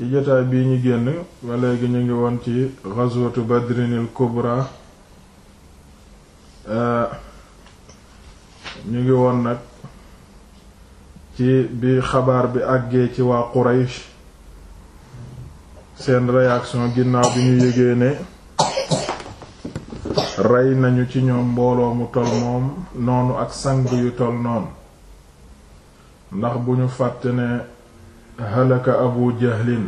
ci jotaay bii ñu génn ba léegi ñu ngi woon ci ghazwatu badrinil kubra ñu ngi woon nag ci bi xabaar bi àggee ci waa Quraysh seen réaction ginnaaw bi ñu yégee rey nañu ci ñoom mbooloo mu tol moom noonu ak sang yu tol noonu ndax bu ñu fàtte ne halaka abu jahlin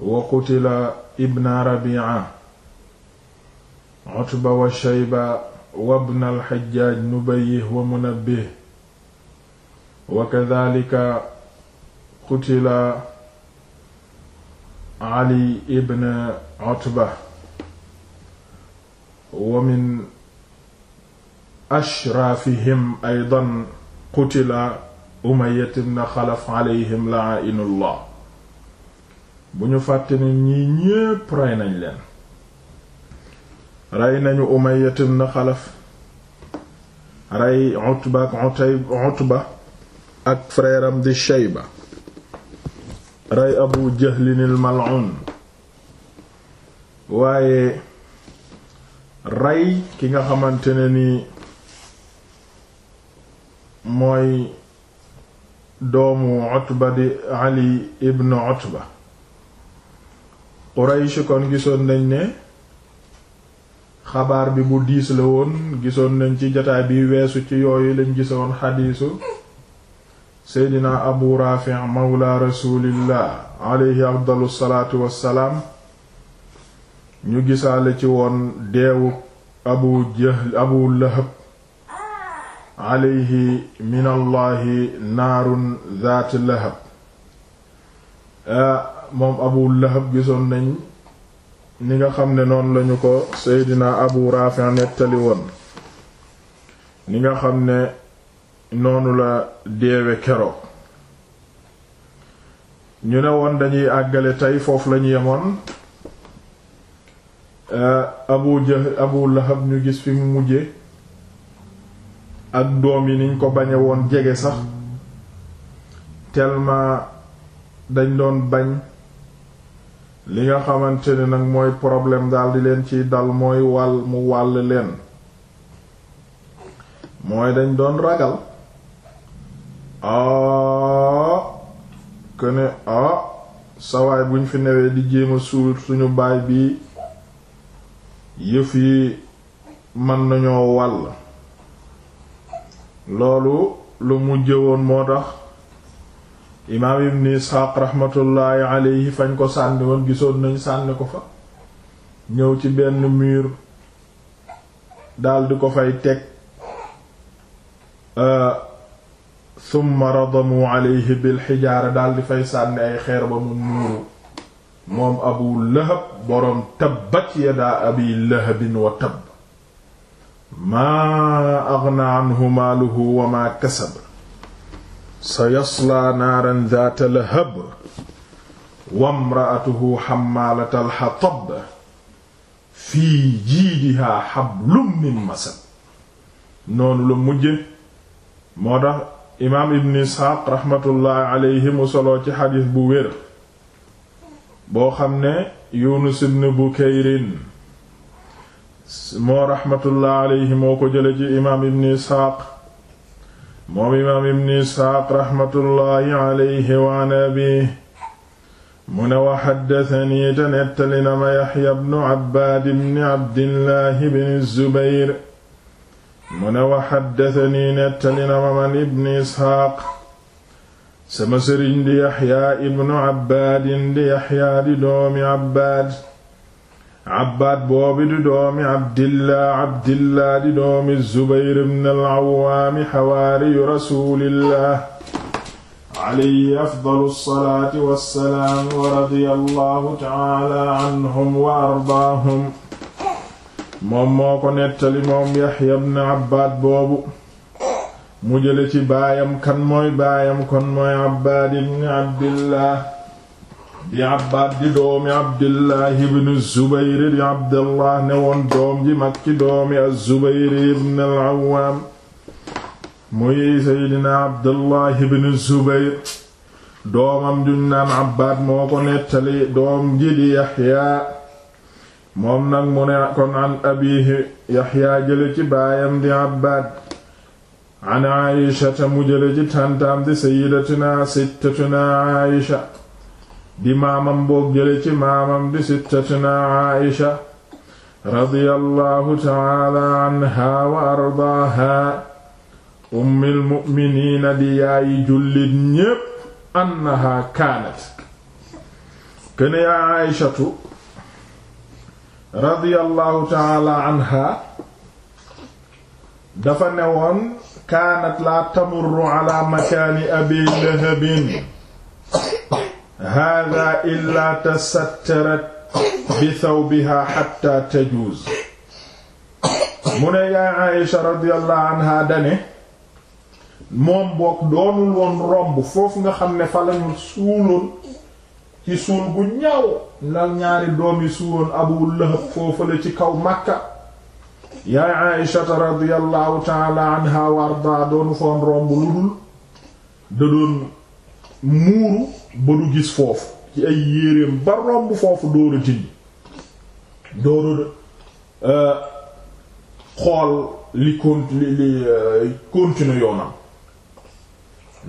wa qutila ibna rabi'a utba wa shayba wa ibna al-hajjaj nubayih wa munabbih wa kadhalika qutila ali ibn utba wa min ashraafihim aydan qutila umayyah ibn khalaf alayhim la'inullah bu ñu fàtte ni ñii ñépp rey nañ leen rey nañu Umayya ibn Xalaf rey ak Utayb di Shayba rey Abu Jahlin al waaye rey ki nga xamante ne ni mooy doomu Utba di Ali ibn Utba Quraysh kon gisoon nañ ne xabaar bi bu diis la woon gisoon nañ ci jataay bi weesu ci yooyu lañ gisoon xadiisu seydina abu raafi mawla rasulillah ñu gisaale ci woon deewu abu jahl abu lahab alayhi min naarun zaat lahab moom abu lahab gisoon nañ ni nga xam ne noonu lañu ko seydina abu raafi nettali woon ni nga xam ne noonu la deewe kero ñu ne woon dañuy àggale tey foofu lañu yemoon eh, abu jahl abu lahab ñu gis fi mu mujje ak doom yi niñ ko bañe woon jege sax tellement dañ doon bañ li nga xamante ni nag mooy problème daal di leen ci dal mooy wàll mu wàll leen mooy dañ doon ragal aa ah, que ne ah sawaay buñ fi newee di jéem a suñu baay bi yëf yi mën nañoo wàll loolu lu mujjëwoon moo tax imaam ibn isxaaq raxmatullaahi alayhi fañ ko sànni woon gisoon nañ sànni ko fa ñëw ci benn mur daldi ko fay teg euh, summa radamu alayhi bil xijaara daldi fay sànni ay xeer ba mu muuru moom abu lahab boroom tabbat yadaa abi lahabin wa tabb maa agna anhu maaluhu wa maa kasab sa yaslaa naaran daata lahab wa mraatuhu xammaalatal xatab fii jiidihaa xablum min masad noonu la mujje moo tax imaam ibn isxaaq raxmatullaahi aleyhi mu ci xadiis bu wér boo xam ne yunus ibn bukayrin moo raxmatullaahi aleyhi moo ko ci imaam ibn isxaaq moom imaam ibn isxaaq raxmatullaahi alayhi wa an abiihi mu ne wa xaddasanii te nettali na ma yaxya bnu abbaad ibni abdillaahi bni zubayr mu ne wa xaddasanii nettali na ma man ibn isxaaq sama sëriñ di yaxyaa ibnu abbaadin di yaxyaa di doomi abbaad abbaad boobi di doomi abdillah abdillah di doomi zubayr ibn al-awwaami xawaariyu rasulillah alayhi afdalu salaati wassalaam wa radiyallahu ta'ala anhum wa ardaahum moom moo ko nettali moom yaxya ibn abbaad boobu mu jële ci baayam kan mooy baayam kon mooy abbaad ibn abdillah di abbaad di doomi abdillahi ibn zubayr di abdallah ne woon doom ji mag doomi az-zubayr ibn al-awwaam muy seydina abdallah ibn zubayr doomam juñ abbaad moo ko nettali doom di yaxya moom nag mu ne an abiihi yaxya jële ci di abbaad an aayisha mu jële ci di sayyidatina sittatuna aayisha di maamam boog jële ci maamam di sittatuna Aisha radiyallahu taala anha wa ardaaha ummil di yaayi jullit ñépp annaha kaanat kene yaa Aishatu radiyallahu taala anha dafa newoon kaanat laa tamurru ala makaani abi lahabin hada illa tasattarat bi thawbiha hatta tajuz mu ne yaay Aïsha radiyallahu anha dane moom boog doonul woon romb foofu nga xam ne fa lañu suuloon ci suul bu ñaaw lal ñaari doom yi suuloon Abu Lahab foofu la ci kaw Makka yaay Aïsha radiyallahu ta'ala anha warda doonu foon romb lu dul da doon muuru ba du gis foofu ci ay yéreem ba romb foofu door a tijj door a euh, xool li con euh, yoonam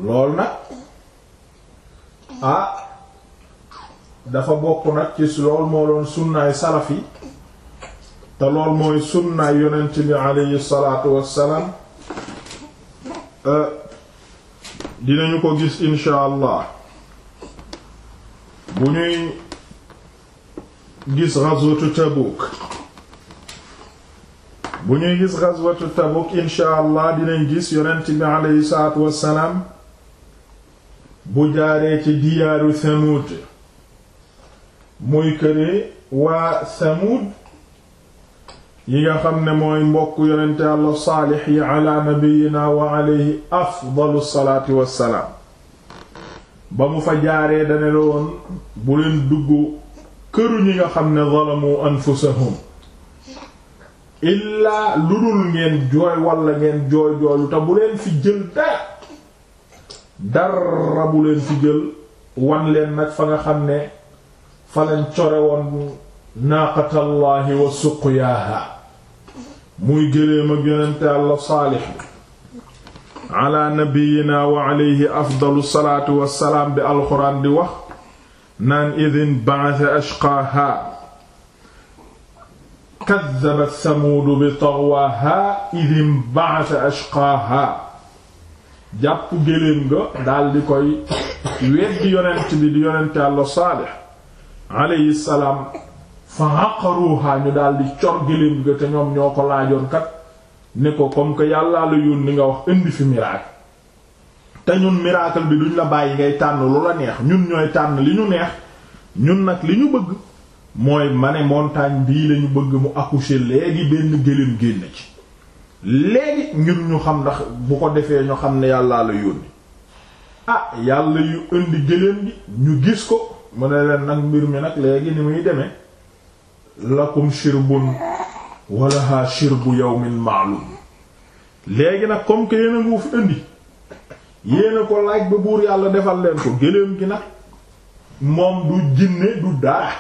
loolu nag ah dafa bokk nag ci lool moo doon sunnaay salaf te lool mooy sunnaay yonent bi aleyhi salaatu wassalaam euh, dinañu ko gis insha allah bu ñuy gis ghazwatu Tabuk bu ñuy gis ghazwatu allah dinañ gis yonent bi aleyhi salaatu bu jaaree ci diyaaru Thamud muy këre waa Thamud yi nga xam ne mooy mbokk yonente Yàlla Saalix yi ala nabiyyina wa alayhi afdalu salaati wassalaam ba mu fa jaaree dane la woon bu leen dugg kër ñi nga xam ne zalamu anfusahum illaa lu dul ngeen jooy walla ngeen jooy jooylu te bu leen fi jël dara dara bu leen fi jël wan leen nag fa nga xam ne fa lañ core woon naaqatallaahi wa suqyaaha muy gëléem ak yonente Yàlla saalix ala nabiyyina wa alayhi afdalu salaatu wassalaam bi alxuraan di wax naan idin ba'atha ashqaaha kaddabat samuudu bi taghwaaha idin ba'atha ashqaaha jàpp géléem ga daal di koy weddi yonent bi di yonent Yàlla Saalix alayhi salaam fa aqaruha ñu daal di cor géléem ga te ñoom ñoo ko laajoon kat ni ko comme que yàllaa la yónni nga wax indi fi miracle te ñun miracle bi duñ la bàyyi ngay tànn lu la neex ñun ñooy tànn li ñu neex ñun nag li ñu bëgg mooy ma ne montagne bii lañu bëgg mu accoucher léegi benn gëléem génn ci léegi ngir ñu xam ndax bu ko defee ñu xam ne yàllaa yónni ah yàlla yu indi gëléem bi ñu gis ko mu ne leen nag mbir mi nag léegi ni muy demee lakum shirbun walaha shirbu yawmin ma'lum léegi nag comme que yéen a ngi fi indi yéen ko laaj ba buur yàlla defal leen ko gëléem gi nag moom du jinne du dara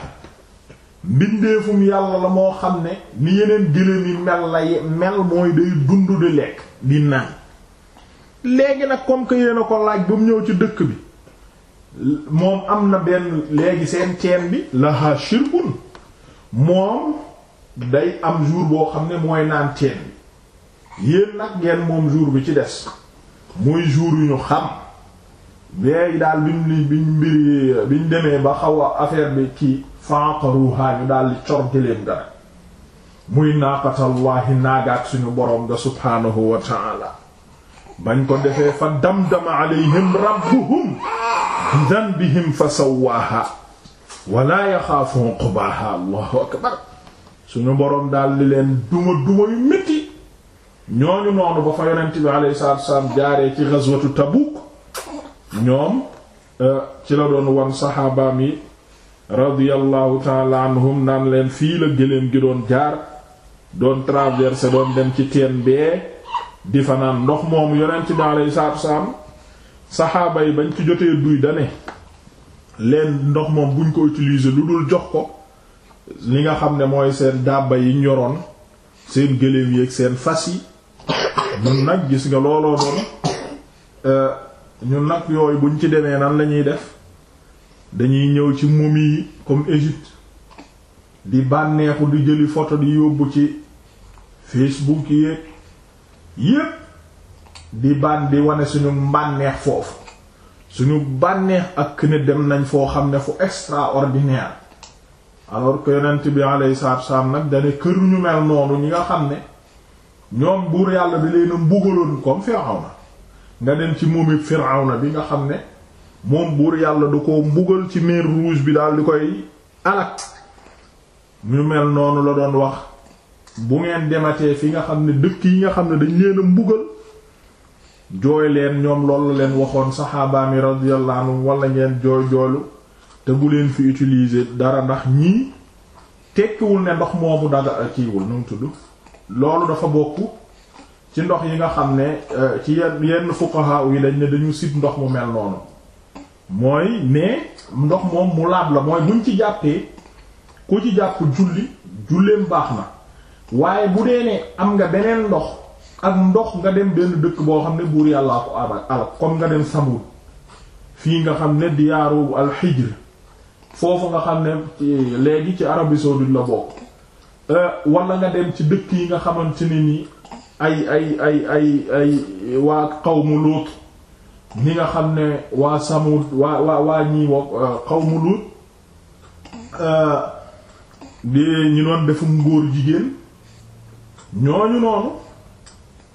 mbindeefum yàlla la moo xam ne ni yeneen gëléem yi mel la mel mooy day dund di lekk di naan léegi nag comme que ko laaj ba mu ñëw ci dëkk bi moom am na benn léegi seen ceen bi laha shirbun moom day am jour boo xam ne mooy naan teen bi yéen nag ngeen moom jur bi ci des muy jour yu ñu xam weey daal biñ bi biñ mbiri biñ demee ba xaw a affaire bi kii fanqaruha ñu daal di cor gëléem dara muy naaqatallaahi naagaat suñu boroom nga subhaanahu wa ta'ala bañ ko defee fa damdama alayhim rabbuhum bi dhanbihim fa sawwaaha wa laa yaxaafu uqbaaha allahu suñu boroom daal di leen duma duma yu métti ñooñu noonu ba fa yonent bi alayhi salaatu wassalaam jaaree ci ghazwatu Tabuk ñoom euh, ci la doon wan saxaabaam yi radiyallahu taala naan leen fii la gëléem gi doon jaar doon traversé doon dem ci teen bee di fanaan ndox moomu yonent bi alayhi salaatu wassalaam saxaaba yi bañ ci jotee duy dane leen ndox moom buñ ko utiliser lu dul jox ko li nga xam ne mooy seen dàbba yi ñoroon seen gëléem yi ak seen fas yi ñun nag gis nga looloo doon euh, ñun nag yooyu buñ ci demee nan lañuy def dañuy ñëw ci momi yi comme Égypte di bànneexu di jëli photo di yóbbu ci Facebook yéeg yépp di ban di wane suñu mbànneex foofu suñu bànneex ak ne dem nañ foo xam ne fu extraordinaire alors que yonent bi alayhi salaatu wassalaam nag dane kër ñu mel noonu ñi nga xam ne ñoom buur yàlla bi leen mbugaloon comme Firawna nga dem ci moomit Firawna bi nga xam ne moom buur yàlla du ko mbugal ci mer rouge bi daal di koy alak ñu mel noonu la doon wax bu ngeen dematee fi nga xam ne dëkk yi nga xam ne dañ leen mbugal jooy leen ñoom lool la leen waxoon saxaabaami radiyallahu anhum wala ngeen jooy joolu te bu leen fi utiliser dara ndax ñii tekkiwul ne ndox moomu daga eh, kiiwul nu mu tudd loolu dafa bokk ci ndox yi nga xam ne eh, ci yenn yenn fuqaha yi lañ ne dañu sit ndox mu mel noonu mooy ne ndox moom mu laab la mooy buñ ci jàppee ku ci jàpp julli julleem baax na waaye bu dee ne am nga beneen ndox ak ndox nga dem benn dëkk boo xam ne buur yàllaa ko alak comme nga dem samul fii nga xam ne diyaaru alxijr foofu nga xam ne léegi ci Arabie saoudite la bokk euh, walla nga dem ci dëkk yi nga xamante ne ni ay ay ay ay ay waa qawmu Luut ni nga xam ne waa Samud waa waa waa ñii wa euh, qawmu Luut euh, di ñu doon defum góor jigéen ñooñu noonu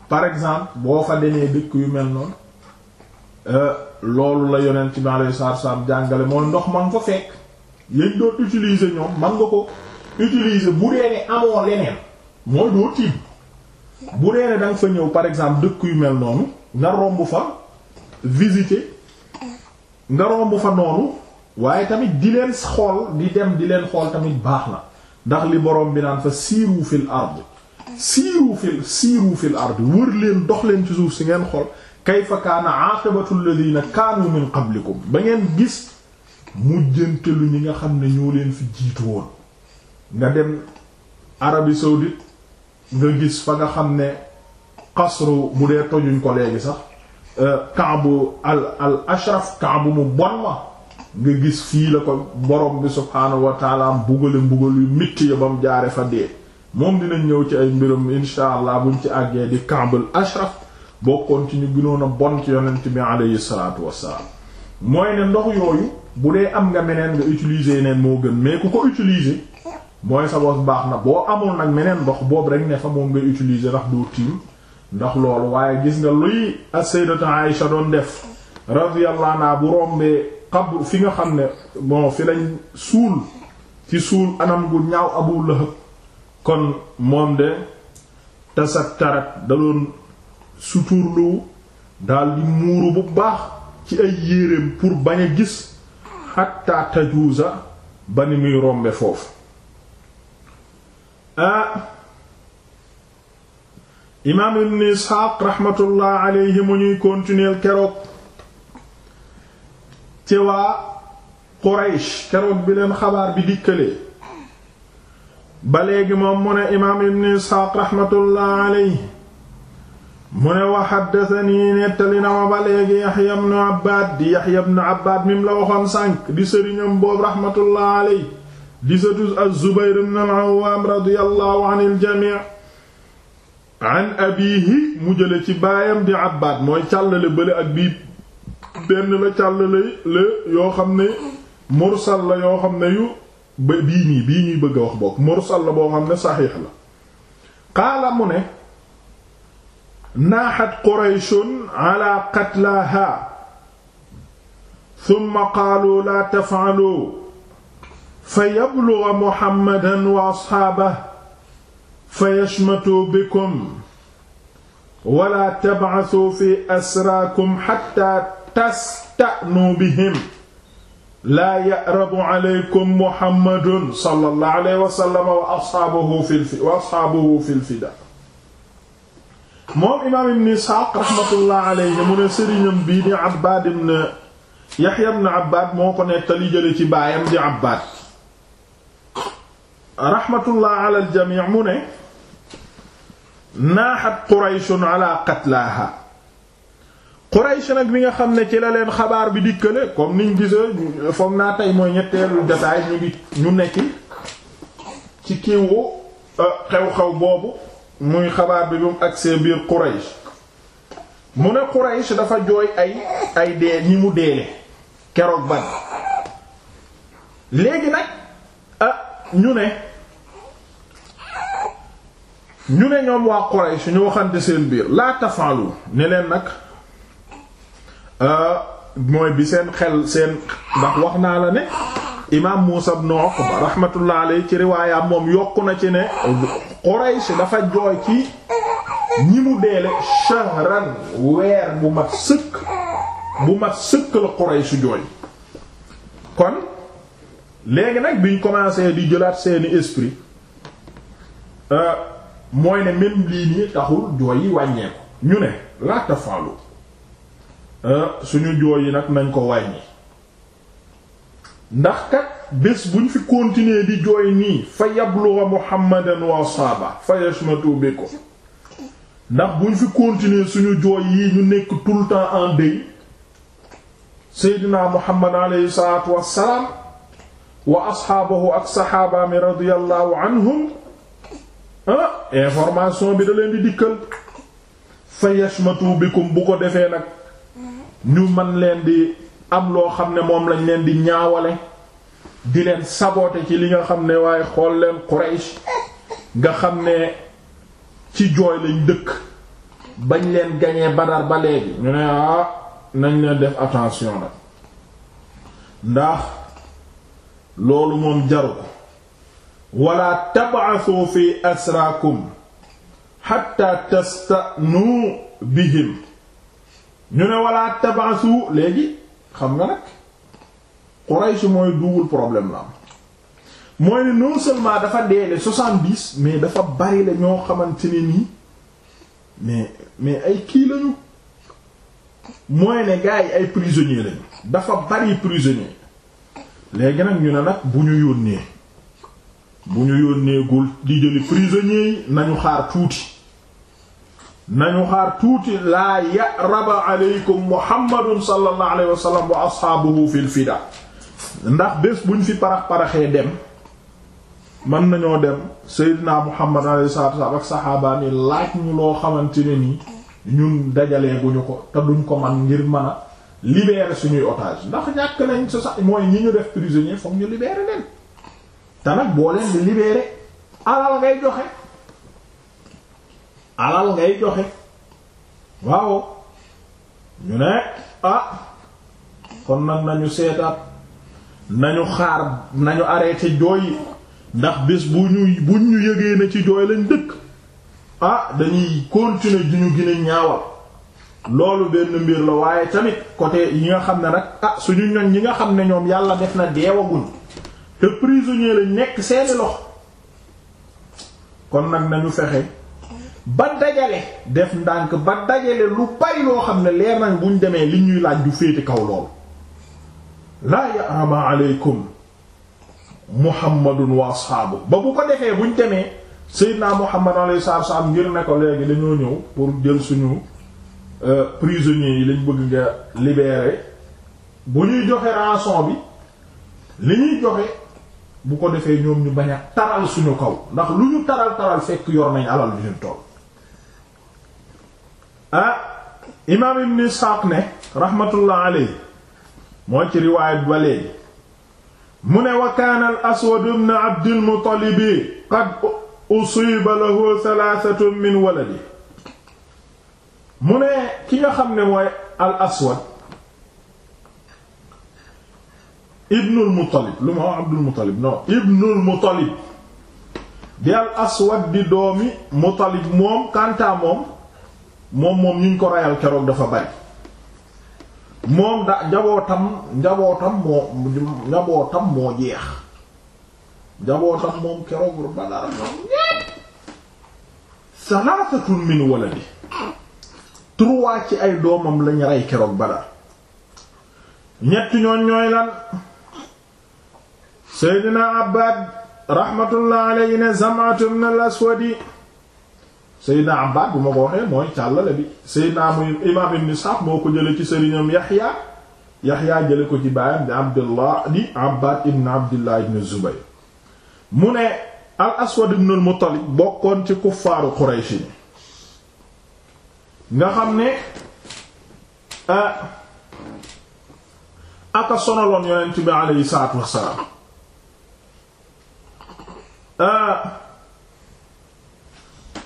par exemple boo fa demee dëkk yu mel noonu loolu la yoneen ci alayhi salaatu wa salaam jàngale mooy ndox ma nga fekk yañ doon utiliser ñoom man nga ko utiliser bu dee ne amoo leneen mooy doo tiim bu dee ne fa ñëw par exemple dëkk yu mel noonu nga romb fa visiter nga romb fa noonu waaye tamit di leen xool di dem di leen xool tamit baax na ndax li borom bi naan fa siiru fil ard siiru fil siiru fil ard wër leen dox leen ci suuf si ngeen xool kayfa kaana aqibatu alladhina kaanu min qablikum ba ngeen gis mujjantelu ñi nga xam ne ñoo leen fi jiitu woon nga dem arabi saoudite nga gis fa nga xam ne xasru bu dee tojuñ ko léegi sax euh, kaabu al al ashraf kaabu mu bon ma nga gis fii la ko borom bi subhaanahu wa taala mbugale mbugal yu mitti ya ba mu jaare fa dee moom dinañ ñëw ci ay mbiram insha allah bu buñ ci àggee di kaabul ashraf bokkoon ci ñu gënoon a bon ci yonent bi alayhi salaatu wassalaam mooy ne ndox yooyu bu dee am nga meneen nga utiliser neen moo gën mais ku ko utiliser mooy sa baax na boo amul nag meneen ndox boobu rek ne fa moom ngay utiliser ndax doo tiim ndax loolu waaye gis nga luy as-sayyidatu Aïsha doon def radiyallahu anha bu rombee xabru fi nga xam ne bon fi lañ suul ci suul anam gu ñaaw Abu Lahab kon moom de tasattarat da doon suturlu daal di muuru bu baax ci ay yéreem pour bañ gis xatta tajuusa ba ni muy rombe foofu ah imaam ibn isxaaq raxmatullah alayhi mu ñuy continuer keroog ci waa quraysh keroog bi xabaar bi dikkalee ba léegi moom mu ne imaam ibn isxaaq raxmatullah alayhi mu ne wa xaddasanii nettali na ma ba léegi yaxya ibnu abbaad di yaxya ibnu abbaad mim la waxoon sànq di sëriñam boobu raxmatullah aley di sëtu az-zubayr ibnu al-awwaam radiyallahu jamii an abiihi mu jële ci baayam di abbaad mooy càllale bële ak bii benn la càllale la yoo xam ne mursal la yoo xam ne yu bii nii bii ñuy bëgg a wax bokk mursal la boo xam ne saxiix la qaala mu ne naaxat qurayshun ala qatlaaha summa qaalu laa taf'alu fa yabluga muhammadan wa asxaabah fa yashmatu bikum wala tab'asu fi asraakum xatta tasta'nu bihim laa ya'rabu aleykum muhammadun sallallahu alayhi wa sallam wa asxaabuhu fil fidaa moom imaam ibn Isxaaq rahmatullah alayhi mu ne sëriñam bii di Abbaad ibn Yaxya ibn moo ko nettali jële ci baayam di Abbaad rahmatullah ala al-jamii' mu ne naaxat Qurayshun ala qatlaaha Quraysh nag bi nga xam ne ci la leen xabaar bi dikkale comme niñ gisee foog naa tey mooy ñetteelu jotaay ñu ngi ñu nekk ci kiiwu euh, xew-xew boobu muy xabaar bi ñu agsee biir Quraysh mu ne Quraysh dafa jooy ay ay dee ñi mu deele keroog ban léegi nag ah ñu ne ñu ne ñoom waa Quraysh ñu waxante seen biir laa tafaalu ne leen nag ah, mooy bi seen xel seen ndax wax naa la ne imaam Muusa ibn Uqba rahmatullah alayhi ci riwaayam moom yokk na ci ne si dafa jooy ci ñi mu deele shahran weer bu mat sëkk bu mat sëkk la su jooy kon léegi nag biñ commencé di jëlaat seeni esprit euh, mooy ne même lii nii taxul jooy yi wàññeeku ñu ne laata faalu euh, suñu jooy yi nag nañ ko wàññi ndax kat bés buñ fi continuer di jooy nii fa yabluwa muhammadan wa saaba fa yashmatu bikum ndax buñ fi continuer suñu jooy yii ñu nekk tout le temps en deuil seydina muhammad aleyhi salaatu wassalaam wa asxaabahu ak saxaabaami radiyallahu anhum ah bi da leen di dikkal fa yashmatu bikum bu ko defee nag ñu man leen di am loo xam ne moom lañ leen di ñaawale di leen saboter ci li nga xam ne waaye xool leen Quraysh nga xam ne ci jooy lañ dëkk bañ leen gañee Badar ba léegi ñu ne ah nañ leen def attention nag ndax loolu moom jaru ko wala tab'athu fi asraakum hatta tasta'nu bihim ñu ne wala tab'athu léegi xam nga nag Quraysh mooy double problème la mooy ne non seulement dafa deele soixante-dix mais dafa bari la ñoo xamante ne nii mais mais ay kii lañu mooy ne gars yi ay prisonniers lañu dafa bari prisonniers léegi nag ñu ne nag bu ñu yónnee bu ñu yónneegul di jëli prisonniers yi nañu xaar tuuti nañu xaar tuuti laa yaraba aleykum muhammadun sallallahu alayhi wa sallam wa ashaabuhu fil fida ndax bés buñ fi parax paraxee dem mën nañoo dem seydina muhammad alayhi salaatu wa salaam ak saxaabaani laaj ñu loo xamante ne ni ñun dajalee bu ñu ko te duñ ko man ngir mën a suñuy otage ndax ñàkk nañ sa sax mooy ñi ñu def prisonnier fokk ñu libérer leen te nag boo leen di libérer alal ngay joxe alal ngay joxe waaw ñu ne ah kon nag nañu seetaat nañu xaar nañu arrêté jooy ndax bés bu ñu bu ñu yëgee na ci jooy lañ dëkk ah dañuy continuer di ñu gën ñaawal loolu benn mbir la waaye tamit côté yi nga xam ne rek ah suñu ñoñ yi nga xam ne ñoom yàlla def na deewaguñ te prisonnier lañ nekk seeni lox kon nag nañu fexe ba dajale def ndànk ba dajale lu bari loo xam ne leer nañ buñ demee li ñuy laaj du féete kaw lool laa yarama aleykum muhammadun wa ashaabu ba bu ko defee buñ demee seydinaa muhammad alayhi salaatu wasallam ngir ne ko léegi dañoo ñëw pour jël suñu euh, prisonniers yi lañ bëgg nga libérer bu ñuy joxe rançon bi li ñuy joxe bu ko defee ñoom ñu bañ a taral suñu kaw ndax lu ñu taral taral fekk yoon nañ alal bi ñu toll ah imaam ibn Isxaaq ne raxmatullah alayhi moo ci riwaayat ba léegi mu ne wa kaana al aswad ibn abdil muttalibi qad usiba lahu thalaathatu min waladi mu ne ki nga xam ne mooy al aswad ibnul muttalib lu ma wax abdul muttalib non ibnul muttalib di al aswad di doomi muttalib moom kantaa moom moom moom ñu ko reyal keroog dafa bari moom da njabootam njabootam moo njabootam moo jeex njabootam moom keroog ba dara ñoom ñépp salaasatun min waladi trois ci ay doomam lañu rey keroog Badar ñett ñooñ ñooy lan Seydina Abbad rahmatullah alayhi ne Zam'atu min al-Aswadi Seydina Abbad bu ma ko waxee mooy càllale bi Seydina muy imam Ibn Sa'd moo ko jële ci sëriñam Yaxya Yaxya jële ko ci baayam di Abdullah di Abbad ibn Abdullah ibn Zubayr mu ne al Aswad ibn al-Muttalib bokkoon ci kuffaaru Quraysh nga xam ne aka sonaloon yonent bi aleyhi salaatu wassalaam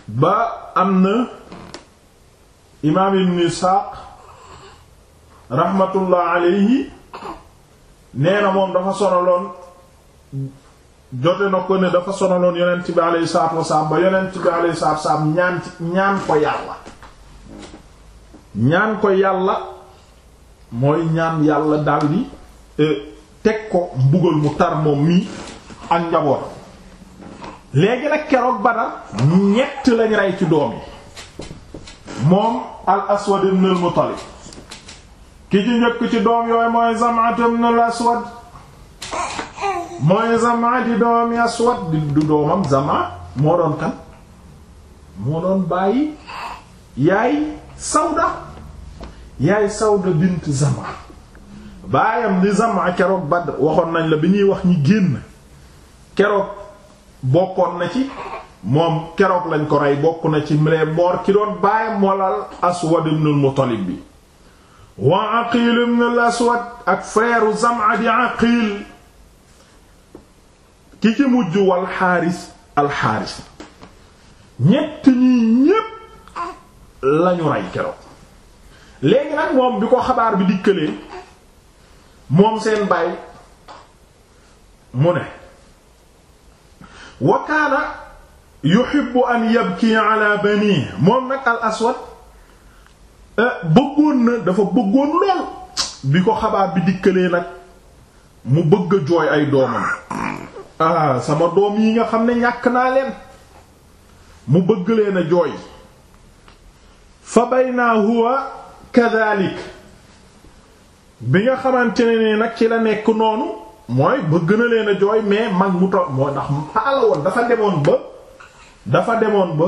ba am na imaam ibn Isaaq rahmatullah alayhi nee na moom dafa sonaloon jote na ko ne dafa sonaloon yonent bi alayhi salaatu wasalaam ba yonent bi alayhi salaatu wasalaam ñaan ci ñaan ko yàlla ñaan ko yàlla mooy ñaan yàlla daldi eh, teg ko mbugal mu tar moom mii ak njaboot léegi nag keroog Badar ñett lañ rey ci doom yi moom al aswad ibn al muttalib ki ci njëkk ci doom yooyu mooy zam'at ibn al aswad mooy zam'a di doomi aswad di doomam zam'a moo doon kan moo doon bàyyi yaay sawda yaay sawda bint zam'a baayam di zam'a keroog Badr waxoon nañ la bi ñuy wax ñu génn keroog bokkoon na ci moom keroog lañ ko rey bokk na ci mle boor ki doon baayam molal aswad ak frère Zam'a di aqil ki ci mujj wal xaaris alxaaris ñett ñi ñépp lañu rey keroog léegi nag moom bi ko xabaar bi dikkalee moom seen baay mu ne wa yu yuhibbu an yabki ala bani moom nag al aswad eh, bëggoon na dafa bëggoon lool bi ko xabaat bi dikkalee nag mu bëgg jooy ay doomam ah, sama doom yi nga xam ne ñàkk naa leen mu bëgg leen a jooy fa bayna huwa kadhalik bi nga xamante ne nag ci la nekk noonu mooy ba gën leen a jooy mais mag mu to moo ndax paala woon dafa demoon ba dafa demoon ba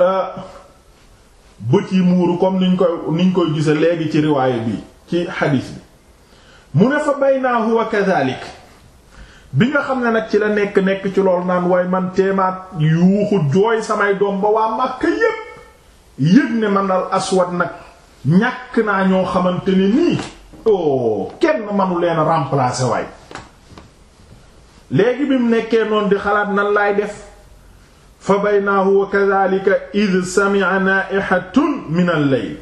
euh, bët yi muuru comme niñ koy niñ koy gisee léegi ci riwaaya bi ci xadiis bi mu ne fa baynaahu wa kadhalik bi nga xam ne nag ci la nekk nekk ci lool naan way man teemaat yuuxu jooy samay doom ba waa Makka yépp yëg ne man al aswad nag ñàkk naa ñoo xamante ni nii Oh, kenn manu leen remplacer waay léegi bi mu nekkee noon di xalaat nan laay def fa baynaahu wa kadhalika id sami'a na'ihatun min al-layl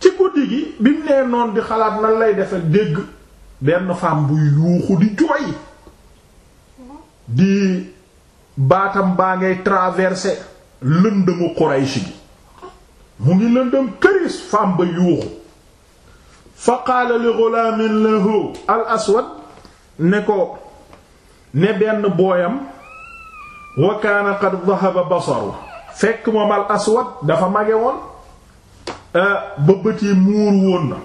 ci guddi gi bi mu nee noonu di xalaat nan lay defe dégg benn femme buy yuuxu di jooy di baatam baa ngay traverser lëndëmu Quraysh gi mu ngi lëndëm këris femme ba yuuxu fa qaala li ghulaamin lahu al aswad ne ko ne benn booyam wa kaana qad dhahaba basaru fekk moom al aswad dafa mage woon e, ba bët muur woon na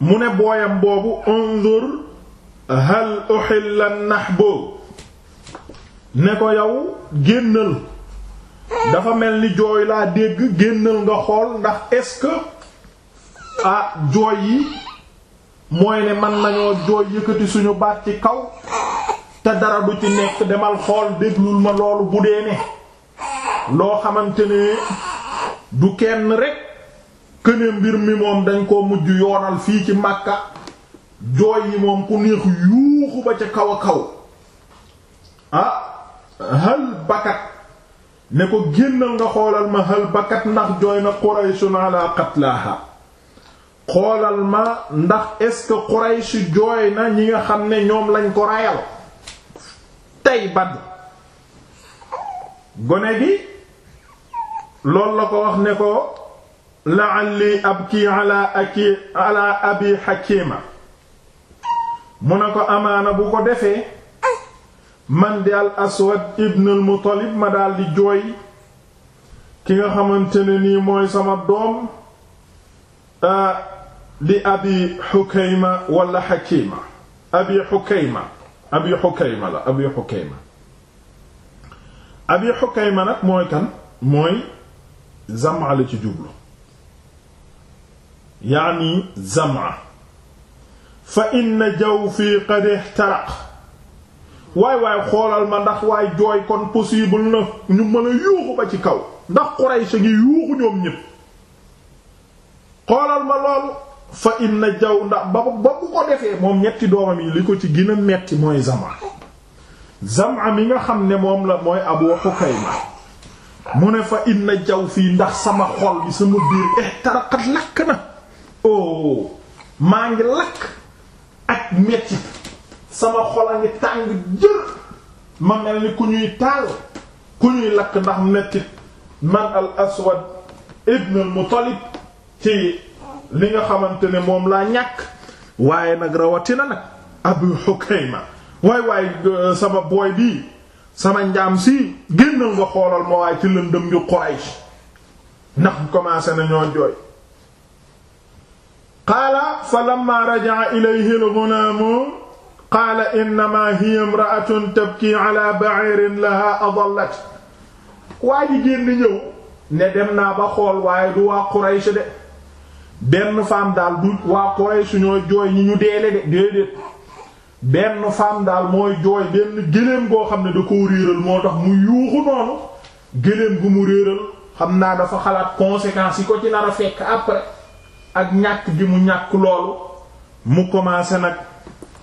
mu ne booyam boobu unzur hal uhilla nahbu ne ko yow génnal dafa mel ni jooy laa dégg génnal nga xool ndax est ah jooy yi mooy ne man nañoo jooy yëkkati suñu baat ci kaw te dara du ci nekk demal xool déglul ma loolu bu dee ne loo xamante ne du kenn rek këne mbir mi moom dañ koo mujj yoonal fii ci Makka jooy yi moom ku neex yuuxu ba ca kaw a kaw ah hal bakat ne ko génnal nga xoolal ma hal bakat ndax jooy na Qurayshun ala qatlaha xoolal ma ndax est-ce jooy na ñi nga xam ne ñoom lañ ko rayal tey Badr gone gi loolu la ko wax ne ko la'alli abki ala abi Hakima mu ne ko amaana bu ko defee man di al aswad ibn Muttalib ma dal di jooy ki nga xamante ne nii mooy sama doom li abi xukayma wala xakima abi xukayma abi xukayma la abi xukayma abi xukayma nag mooy kan mooy zama la ci jublu yaani zama fa inna jawfi qad ihtaraq waay waay xoolal ma ndax waay jooy kon possible na ñu mën a yuuxu ba ci kaw ndax Quraysh ngi yuuxu ñoom ñépp xoolal ma loolu fa inna jaw ndax ba ba bu ko defee moom ñetti doomam yi li ko ci gën a metti mooy Zam'a Zam'a mi nga xam ne moom la mooy Abu Hukayma mu ne fa inna jaw fii ndax sama xol bi sama biir ihtarakat eh, lakk na oh maa ngi lakk ak metti sama xol a ngi tàng jër ma mel ni ku ñuy taal ku ñuy lakk ndax metti man al aswad ibn al muttalib ci li nga xamante ne moom laa ñàkk waaye nag rawatina nag Abu Hukayma waay waay euh, sama booy bii sama njaam si génnal nga xoolal ma waaye ci lëndëm yu Quraysh ndax commencé na ñoo jooy qaala fa lamma raja'a ilayhi al-ghulaamu qaala innamaa hiya imra'atun tabkii ala ba'irin lahaa adallat waa ji génn ñëw ne dem naa ba xool waaye du waa Quraysh de benn femme daal du waa Quraysh suñoo jooy ñi ñu deele de déedéet benn femme daal mooy jooy benn gëléem goo xam ne da koo réeral moo tax mu yuuxu noonu gëléem gu mu réeral xam naa dafa xalaat conséquences yi ko ci nar fekk après ak ñàkk gi mu ñàkk loolu mu commencé nag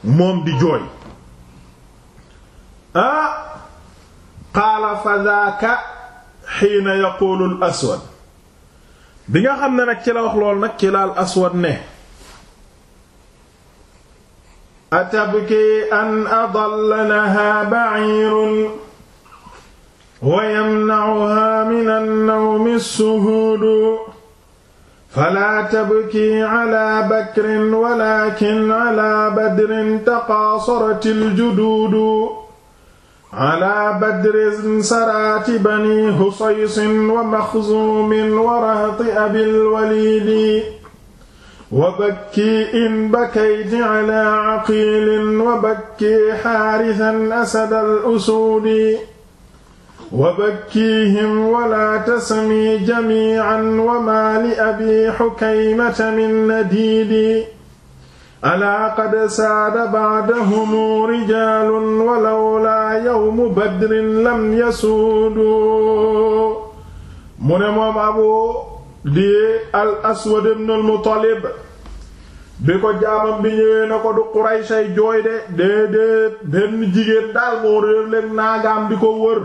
moom di jooy ah qaala fa xiina yaqulu al aswad bi nga xam ne nag ci la wax lool nag ci laal aswad ne atabki an adallanaha ba'irun wa yamna'uha min an-nawmi as-suhudu fala tabki ala bakrin walakin ala badrin taqasarat al-jududu ala badrin sarati bani husaysin wa maxzumin wa rahti abil walidi wa bakki in bakayti ala aqiilin wa bakki xaarisan asadal usuudi wa bakkiihim wala tasmi jamiican wa maa li abi xukaymata min nadiidi alaa qad saada ba'dahum rijaalun walawlaa yawmu badrin lam yasuudu mu ne moom abu di al aswad ibn al bi ko jaamam bi ñëwee ko du Quraysh ay jooy de déedéet benn jigéen daal moo réer leen naagaam di ko wër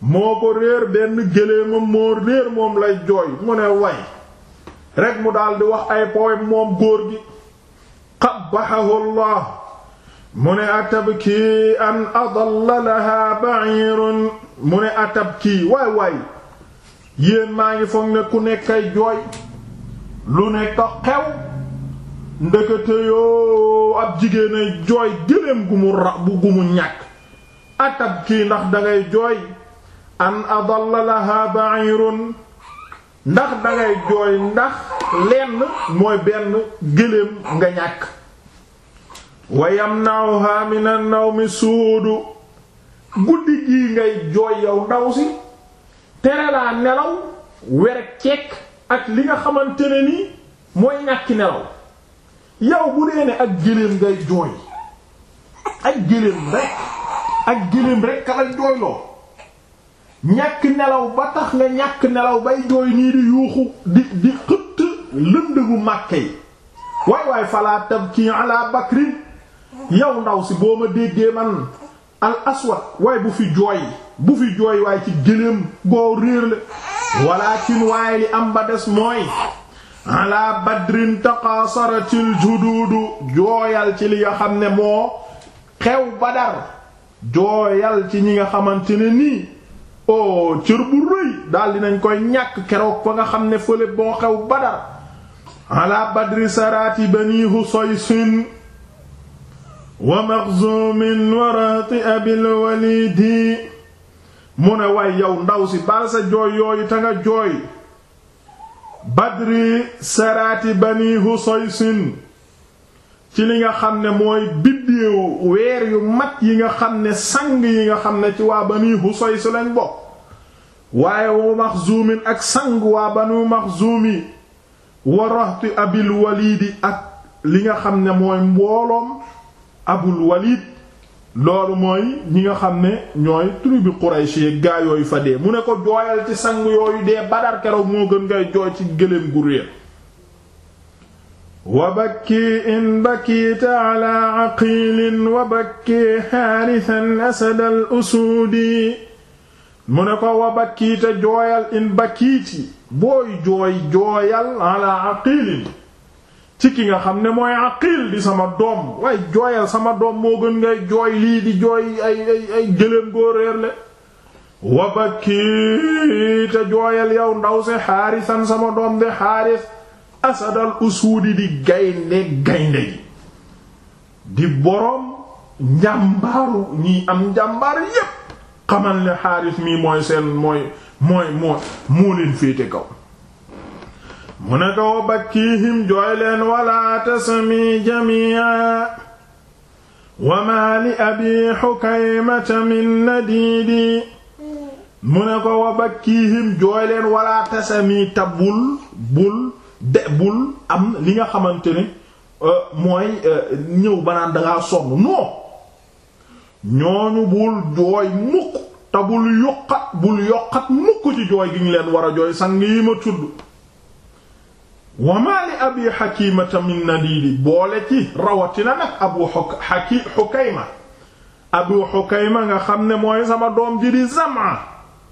moo ko réer benn géléemam moo réer moom lay jooy mu ne way rek mu daal di wax ay poem moom góor gi qabbahahu llah mu ne atab kii an adalla laha mu ne atab kii waay waay yéen maa ngi foog ne ku nekk ay jooy lu nekk xew ndekete ab jigéen ay jooy gëléem gu mu ra gu mu ñàkk atab kii ndax dangay jooy an adalla laha ndax dangay jooy ndax lenn mooy benn gëléem nga ñàkk wa yamna'uha min an-nawmi suudu guddi gii ngay jooy yow ndaw si tere laa nelaw werek ceek ak li nga xamante ne nii mooy ñàkki nelaw yow bu dee ne ak gëléem ngay jooy ak gëléem rek ak gëléem rek ka la jooyloo ñàkk nelaw ba tax nga ñàkk nelaw bay jooy nii di yuuxu di di lëndëgu Makka yi waay waay falaa tabki ala bakrin yow ndaw si boo ma déggee man al aswad waaye bu fi jooy bu fi jooy waaye ci gëléem goo réer la walakin waaye li am ba des mooy ala badrin taqaasaratil juduudu jooyal ci li nga xam ne moo xew badar jooyal ci ñi nga xamante ne nii o cër bu rëy daal dinañ koy ñàkk keroog ba nga xam ne fële boo xew badar ala badri saraati bani husaysin abil walidi mu ne waay yow ndaw si baal sa jooy yooyu ta nga jooy badri saraati bani husaysin ci li nga xam ne mooy biddeewu weer yu mat yi nga xam ne sang yi nga xam ne ci waa bani husays lañ bokk waaye wa maxzumin ak sang waa banu maxzumi wa rahti abil walidi ak li nga xam ne mooy mbooloom abul walid loolu mooy ñi nga xam ne ñooy tribu Quraysh yi gaa yooyu fa dee mu ne ko jooyal ci sang yooyu dee Badar keroog moo gën ngay jooy ci gëléem gu réer wa bakki in bakkiita ala aqiilin wa xaarisan asadal usuudi mu ne ko wa bakkiita jooyal in bakkiiti booy jooy jooyal ala aqilin ci ki nga xam ne mooy aqil di sama doom waaye jooyal sama doom moo gën ngay jooy lii di jooy ay ay ay gëléem goo réer le wabakki te jooyal yow ndaw si xaarisan sama doom de xaaris asadal usuudi di gaynde gaynde yi di boroom njàmbaaru ñi am njàmbaar yépp xamal ne xaaris mii mooy seen mooy mooy mooy moo ko bakkiihim jooy wa maa li abi min nadiidi mu ne ko wa bakkiihim jooy leen wala tasmi ta bul bul de bul am li nga xamante ne euh, mooy euh, ñëw banaan dangaa sonn non ñooñu bul jooy mukk te bul yokkat bul yokkat mukk ci jooy gi leen war a jooy sang yi ma tudd wamaali abi xakimata min nadiidi boole ci rawatina nag abu aki xukayma abu xukayma nga xam ne mooy sama doom ji di zama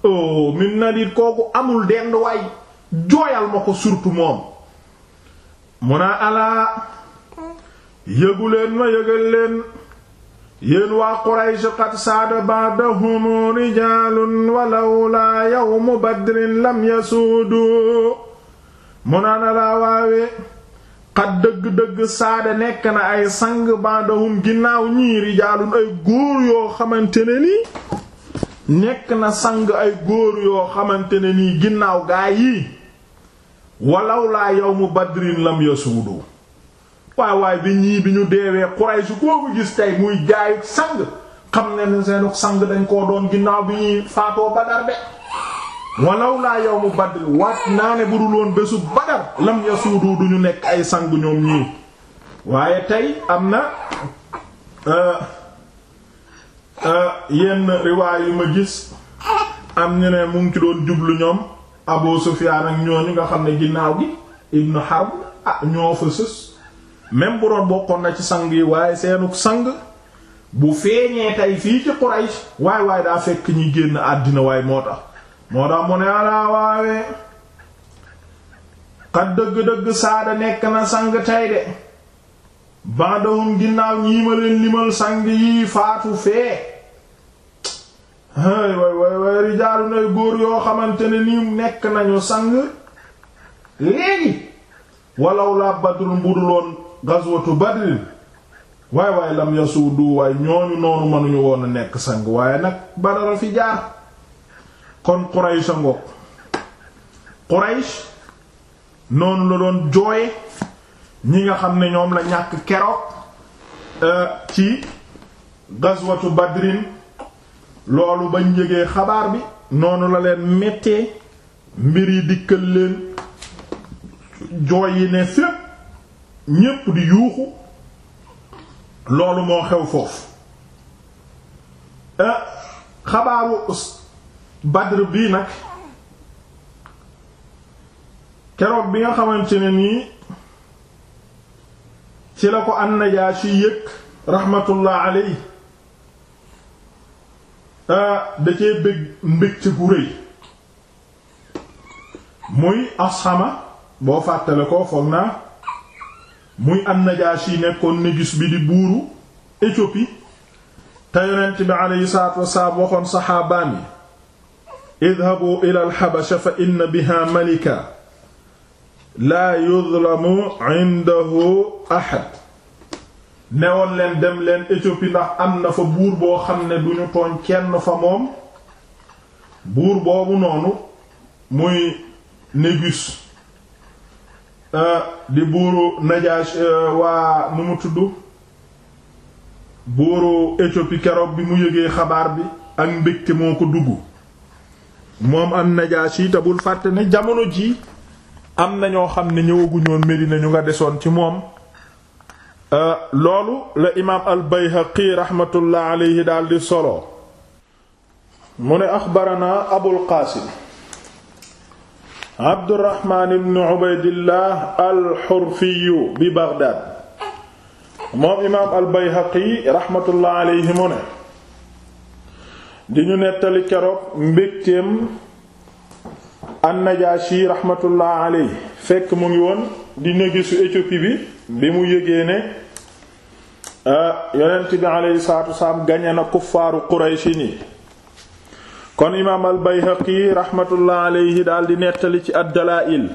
o oh, min nadiid kooku amul dend waay jooyal ma ko surtout moom mu alaa yëgu ma yëgal leen yéen waa Quraysh qad saada ba'dahum rijaalun walawlaa yawmu badrin lam yasuudu mu naan alaa waawe qad dëgg-dëgg saada nekk na ay sang ba'dahum ginnaaw ñii rijaalun ay góor yoo xamante ne ni nekk na sang ay góor yoo xamante ne nii ginnaaw gaa yi walawlaa yawmu badrin lam yasuudu waaw waaye bi ñii bi ñu deewee Quraysh koo ko gis tey muy jaayu sang xam ne ne seenu sang dañ koo doon ginnaaw bi ñuy faatoo Badar de walaw laa yawmu Badr waat naa ne bu dul woon bésu Badar lam yasuudu duñu nekk ay sang ñoom ñii waaye tey am na euh, euh, yenn riwaay yu ma gis am ñu ne mu ngi ci doon jublu ñoom Abu Sufyaan ak ñooñu nga xam ne ginnaaw gi Ibn Harb ah, ñoo fa sës même bu bokkoon na ci sang yi waaye seenug sang bu feeñee tey fii ci Quraysh waay waay daa fekk ñi génn àddina waay moo tax moo tax mu ne alaa waawee kat dëgg-dëgg saada nekk na sang tey de bandahum ginnaaw ñii ma leen limal sang yii faatu fee way way way rijaalu nay góor yoo xamante ne nii nekk nañu sang léegi walaw laa badrun buduloon gazwatu badrin waay waay lam yasuudu waay ñooñu noonu mënuñu woon nekk sang waaye nag badara fi jaar kon Quraysh a ngoog Quraysh noonu la doon jooye ñi nga xam ne ñoom la ñàkk keroog euh, ci gazwatu badrin loolu bañ yëgee xabaar bi noonu la leen mettee mbir yi dikkal leen jooy yi ne fépp ñépp di yuuxu loolu moo xew foofu eh, xabaaru Badr bii nag keroog bi nga xamante ne nii ci la ko An-Najaashi yëg rahmatullah alayhi eh, da cee bég mbégte gu rëy muy asxama boo fàttale ko foog naa muy an-Najaashi nekkoon Négus bi di buuru Éthiopie te bi aleyhi salaatu wasalaam waxoon saxaabaam yi idhabu ila al-Habasha fa inna biha malika laa yuzlamu indahu newoon leen dem leen Éthiopie ndax am na fa buur boo xam ne duñu tooñ kenn fa moom buur boobu noonu muy Négus di buuru Najash euh, waa nu mu tudd buuru Éthiopie keroog bi mu yëgee xabaar bi ak mbégte moo ko dugg moom am Najashi te bul fàtte ne jamono ji am na ñoo xam ne ñëwaguñoon Medina ñu nga desoon ci moom euh, loolu la imaam al-Bayhaqi rahmatullah alayhi daal di solo mu ne axbarana Abul Qaasim abdurahmaan ibn ubaydillah alxurfiyu bi baghdad moom imaam albayhaqi raxmatullah aleyhi mu ne di ñu nettali keroog mbégteem annajaashi raxmatullah aleyhi fekk mu ngi woon di néegi su Éthiopie bi bi mu yégee ne ah, yonent bi aleyhi salaatu wasalaam gañe na kuffaaru qurayshi ni kon imaam al bayhaqi raxmatullah aleyhi daal di nettali ci addalaa'il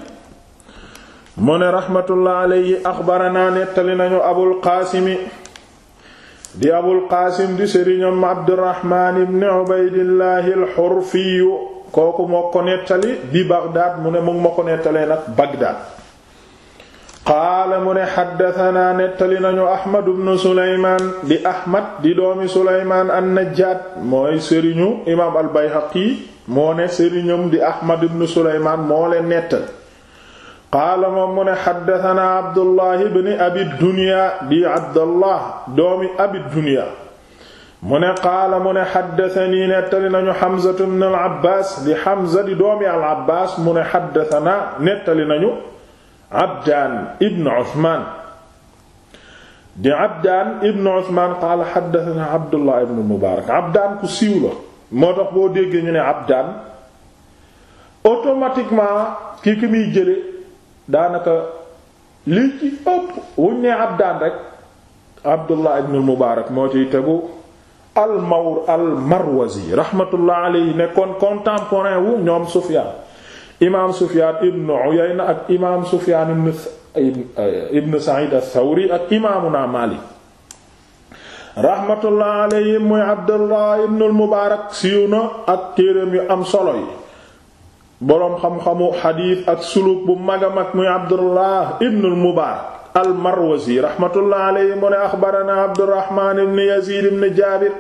mu ne raxmatullah aleyhi axbaranaa nettali nañu abul qaasimi di abul qaasim di sëriñam abdurahmaan ibn ubaydillaahi al xurfiyu kooku moo nettali di bagdaad mu ne mu ma ko nettalee nag qaala mu ne xaddatanaa nettali nañu ahmadu bnu suleymaan di ahmad di doomi suleymaan annajjaad mooy sëriñu imaam albayhaqi moo ne sëriñam di ahmad bnu suleymaan moo leen nettali qaala moom mu ne xaddatanaa abdullahi bni abi duniyaa di abdallah doomi abi duniyaa mu ne qaala mu ne xaddatanii nettali nañu xamsatu bnu al abbaas di xamsa di doomi al abbaas mu ne xaddatanaa nettali nañu abdaan ibn usmaan di abdaan ibn usmaan qaala xaddathana abdullah ibn mubaarak boo déggee ñu ne abdaan automatiquement kii ki muy jële daanaka lii ci ëpp wuñ ne abdaan rek abdullah ibn mubaarak moo ci tegu al mawr al marwazi raxmatullah alayhi nekkoon contemporain wu ñoom sufyaan imaam Sufyaan ibn Uyayna ak imaam Sufyaan ibn eh, rahmatullah alayhim muy Abdullah ibn al-Mubaarak siiw na ak téereem yu am solo yi boroom xam-xamu xadiis ak suluk bu mag muy Abdullah ibn al-Mubaarak al-Marwazi rahmatullah alayhi mu ne axbarana Abdurrahmaan ibn Yaziid ibn Jaabir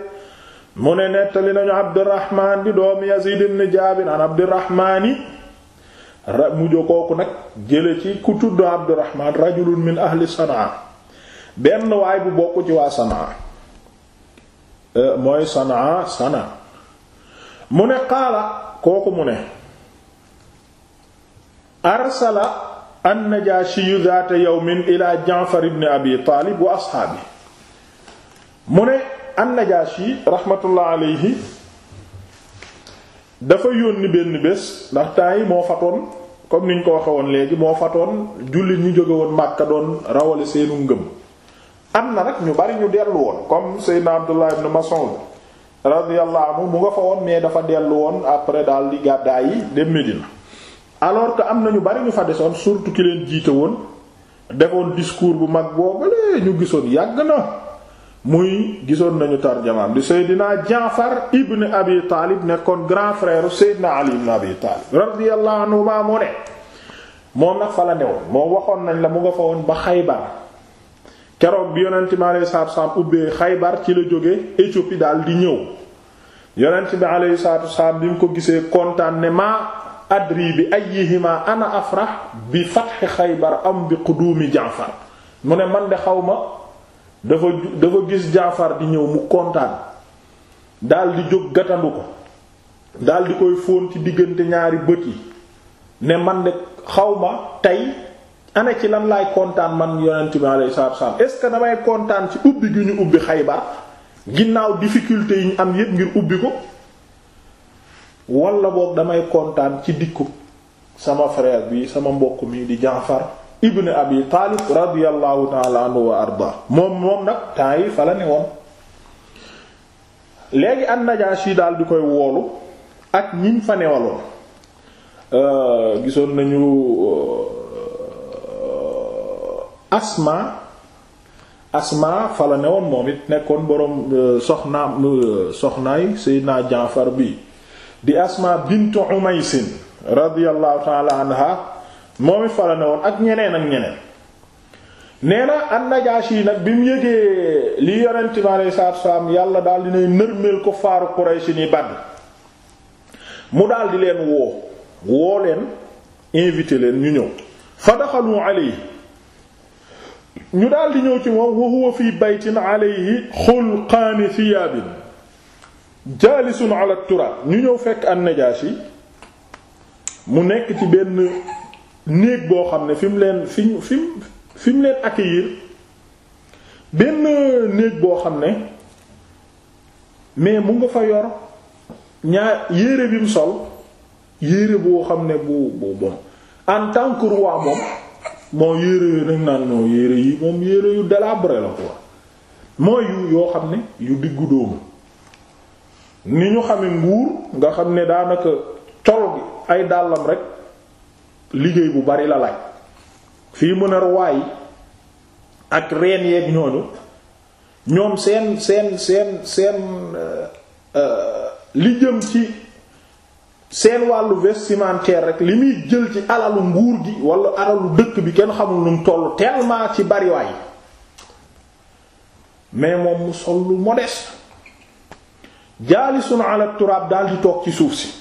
mu ne nettali nañu Abdurrahmaan di doomu Yaziid ibn Jaabir an Abdurrahmaani ra mujj kooku nag jële ci ku tudd Abdurrahman rajulun min ahli Sanaa benn waay bu bokk ci waa Sanaa euh, mooy Sanaa Sanaa mu ne qaala kooku mu ne arsala an-Najaashi zaata yawmin ila Ja'far ibn Abi Taalib wa ashaabi mu ne an-Najaashi alayhi dafa yónni benn bés ndax temps yi moo fatoon comme ni ñu ko waxe woon léegi moo fatoon jullit ñi jóge woon Makka doon rawale seenu ngëm am na nag ñu bari ñu dellu woon comme Seydina Abdullah ibn Mas'ud radiyallahu anhu mu nga fa woon mais dafa dellu woon après dal di gàddaay yi dem Médina alors que am na ñu bari ñu fa desoon surtout ki leen jiite woon defoon discours bu mag boobale ñu gisoon yàgg na muy gisoon nañu tarjamaam di seydina jaafar ibn abi taalib nekkoon grand frère seydina ali ibn abi taalib radiyallahu anhuma mu ne moom nag fa la newoon moom waxoon nañ la mu nga fa woon ba xaybar keroog bi yonent bi alayhi salaatu salaam ubbee xaybar ci la jóge Éthiopie daal di ñëw yonent bi alayhi salaatu salaam bi mu ko gisee kontaan ne maa adri bi ayyihima ana afra bi fathi xaybar am bi quduumi jaafar mu ne man de ma dafa dafa gis jaafar di ñëw mu kontaan dal di jóg gatandu ko dal di koy fóon ci diggante ñaari bët yi ne man de xawma tey ana ci lan laay kontaan man yonent bi alayhi salaatu wa est ce que damay kontaan ci ubbi gi ñu ubbi Xaybar ginnaaw difficulté yi ñu am yépp ngir ubbi ko wala boog damay kontaan ci dikku sama frère bi sama mbokk mi di Jaafar ibn abi taalib radiallahu taala anhu wa arda moom moom nag temps yi fa la ne woon léegi an Najaashi daal di koy woolu ak ñiñ fa newaloon euh, gisoon nañu euh, Asma Asma fa la newoon moom it nekkoon boroom euh, soxnaam soxnaay Seydina Jaafar bi di Asma bint Umaysin radiallahu taala anha moom it fala ne woon ak ñeneen ak ñeneen nee na an-Najaashi nag bi mu yégee li yonent bi alayhi salaatu salaam yàlla daal di nay nërmeel ko faaru Quraysh ni Badr mu daal di leen woo woo leen invité leen ñu ñëw fa daxalu yi ñu daal di ñëw ci moom wa huwa fii baytin yi xulqaani thiyaabin jaalisun ala turaab ñu ñëw fekk an yi mu nekk ci benn néeg boo xam ne fi mu leen fi mu fi mu leen accueillir benn néeg boo xam ne mais mu nga fa yor ñaar yére bim sol yére boo xam ne bu bon en tant que moom moo yére yu nag naan moo yére yi moom yére yu délabré la quoi mooy yu yoo xam ne yu diggu dóomu ni ñu xame nguur nga xam ne daanaka col gi ay dàllam rek liggéey bu bari la laaj fii mën a ruwaay ak reen yeeg ñooñu ñoom seen seen seen seen euh, euh, li jëm ci seen wàllu vestimentaire rek li muy jël ci alalu nguur gi wala alalu dëkk bi kenn xamul nu mu toll tellement ci bariwaay mais moom mu sol lu modeste jaalisun ala turaab daal di toog ci suuf si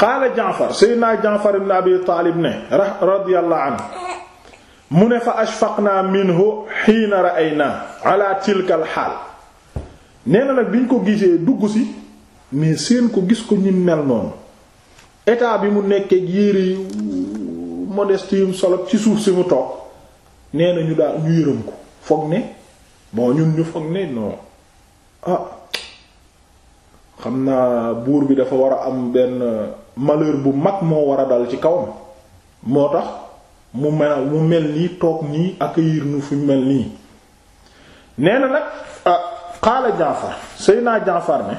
qaala Jaafar seydinaa Jaafar ibn Abi ne radiyallahu anhu mu ne fa ashfaqnaa minhu hiina ra'aynaa ala tilkal xaal nee nag bi ñu ko gisee dugg si mais seen ko gis ko ñi mel noonu état bi mu nekkee yére yu modeste yu solo ci suuf si mu toog nee ñu daal ñu yërëm ko foog ne bon ñun ñu foog ne non ah. xam naa buur bi dafa war a am benn malheur bu mag moo war a dal ci kawam moo tax mu mel mu mel nii toog nii ak yiir nu fi mel nii nee na nag xaala ah, Jaafar sëy naa Jaafar ne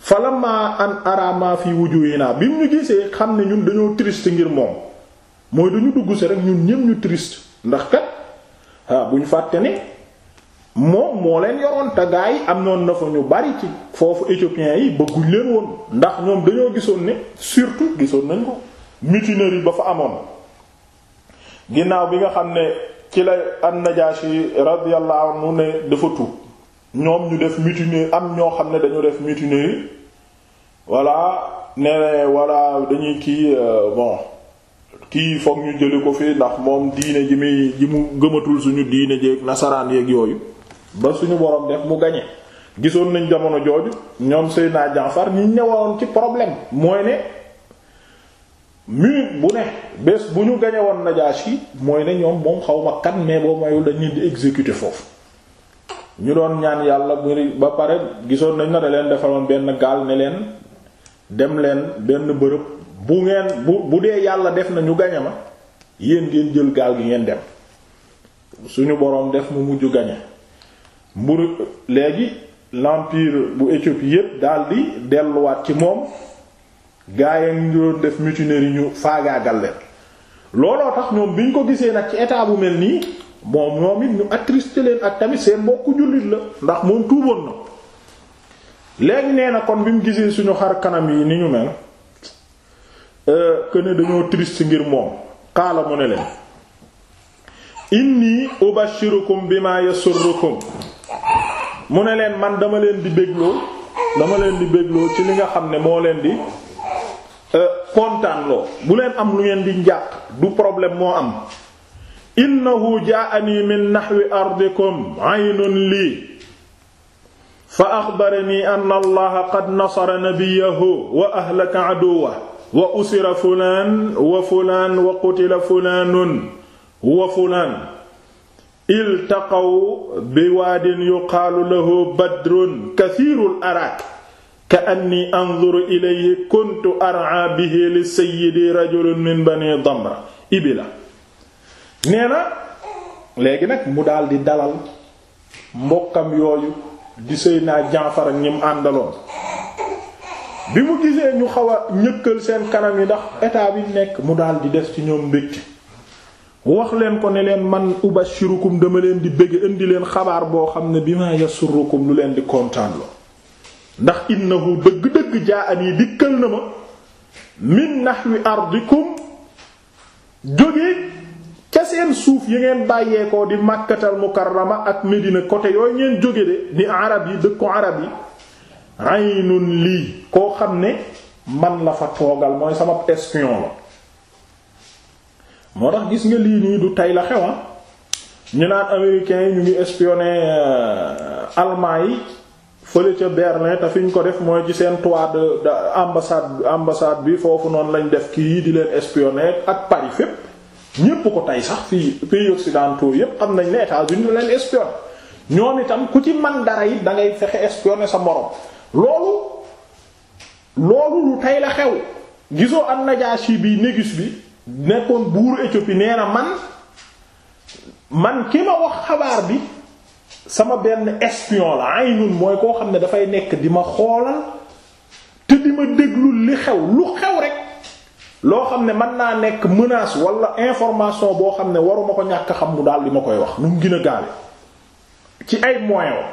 falamma an arama fi wujuhina bi mu ñu gisee xam ne ñun dañoo triste ngir moom mooy dañu dugg si rek ñun ñëm ñu triste ndax kat ah bu ñu fàtte ne moom moo leen yoroon te am noonu na fa ñu bari ci foofu éthiopiens yi bëgguñ leen woon ndax ñoom dañoo gisoon ne surtout gisoon nañ ko mutinerie ba fa amoon ginnaaw bi nga xam ne ci la an-Najashi radiyallahu anhu ne dafa tuub ñoom ñu def mutinerie am ñoo xam ne dañu def mutinerie voilà ne wala dañuy kii euh, bon kii foog ñu jëli ko fii ndax moom diine ji muy ji mu gëmatul suñu diine jeeg nasaraan yeeg yooyu ba suñu borom def mu gañe gisoon nañ jamono jooju ñoom Seydina Jaafar ñi ñëwoon ci problème mooy ne minute bu ne bés bu ñu gañe woon yi mooy ne ñoom moom xaw ma kan mais boo mayul dañ leen di exécuter foofu ñu doon ñaan yàlla ba pare gisoon nañ na da leen defaloon benn gaal ne leen dem leen benn bërëb bu ngeen bu bu dee yàlla def na ñu gañe ma yéen ngeen jël gaal gi ngeen dem suñu boroom def mu mujj gañe mburu léegi l'empire bu Éthiopie yépp daldi delluwaat ci moom gaay yi ñu doon def yi ñu faagaagal leen looloo tax ñoom bi ñu ko gisee nag ci état bu mel nii moom moom it ñu attristé leen ak tamit seen mbokku jullit la ndax moom tuuboon na léegi nee na kon bi mu gisee suñu xar kanam yi ni ñu mel euh, que ne dañoo triste ngir moom xaala mu ne leen bi ubashirukum bima yasurrukum mu ne leen man dama leen di bégloo dama leen di bégloo ci li nga xam ne moo leen di euh, kontaan bu leen am lu ngeen di njàq du problème moo am innahu jaa'ani min nahwi ardikum aynun lii fa axbarani an allaha qad nasara nabiyahu wa ahlaka aduwah wa usira fulaan wa fulaan wa qutila fulaanun wa fulaan iltaqaw bi waadin yuqaalu lahu badrun kathiirul araak ka anni anzuru ilayhi kuntu ar'a bihi li sayyidi rajulun min bani damra ibila nee na léegi nag mu daldi dalal mbokkam yooyu di sëy naa Jaafar ak ñim àndaloon bi mu gisee ñu xaw ñëkkal seen kanam yi ndax état bi nekk mu daldi di def ci ñoom mbégte wax leen ko ne leen man ubashirukum dama leen di bëgg indi leen xabaar boo xam ne bima yasurukum lu leen di kontaan lo ndax innahu dëgg-dëgg jaa an yi dikkal na ma min wi ardikum jóge ca seen suuf yi ngeen bàyyeekoo di màkkatal mukarrama ak Medina côté yooy ngeen jóge de di arab yi dëkku arab yi aynun lii koo xam ne man la fa toogal mooy sama espion la moo tax gis nga lii nii du tey la xew ah. ñu naan américains yi ñu ngi espionné euh, allemands yi fële ca Berlin te fi ñu ko def mooy ci seen toit de ambassade ambassade bi foofu noonu lañ def kii di leen espionné ak Paris fépp ñépp ko tey sax fii pays occidentaux yépp xam nañ ne États-Unis leen espionné ñoom itam ku ci man dara yi da ngay fexe espionné sa morom loolu loolu lu tey la xew gisoo an Najaasi bi négus bi nekkoon buuru Éthiopie nee na man man ki ma wax xabaar bi sama benn espion la aynun mooy koo xam ne dafay nekk di ma xoolal te di ma déglu li xew lu xew rek loo xam ne mën naa nekk mënaas wala information boo xam ne waruma ko ñàkk xam mu daal li ma koy wax nu mu gën a gaale ci ay moyens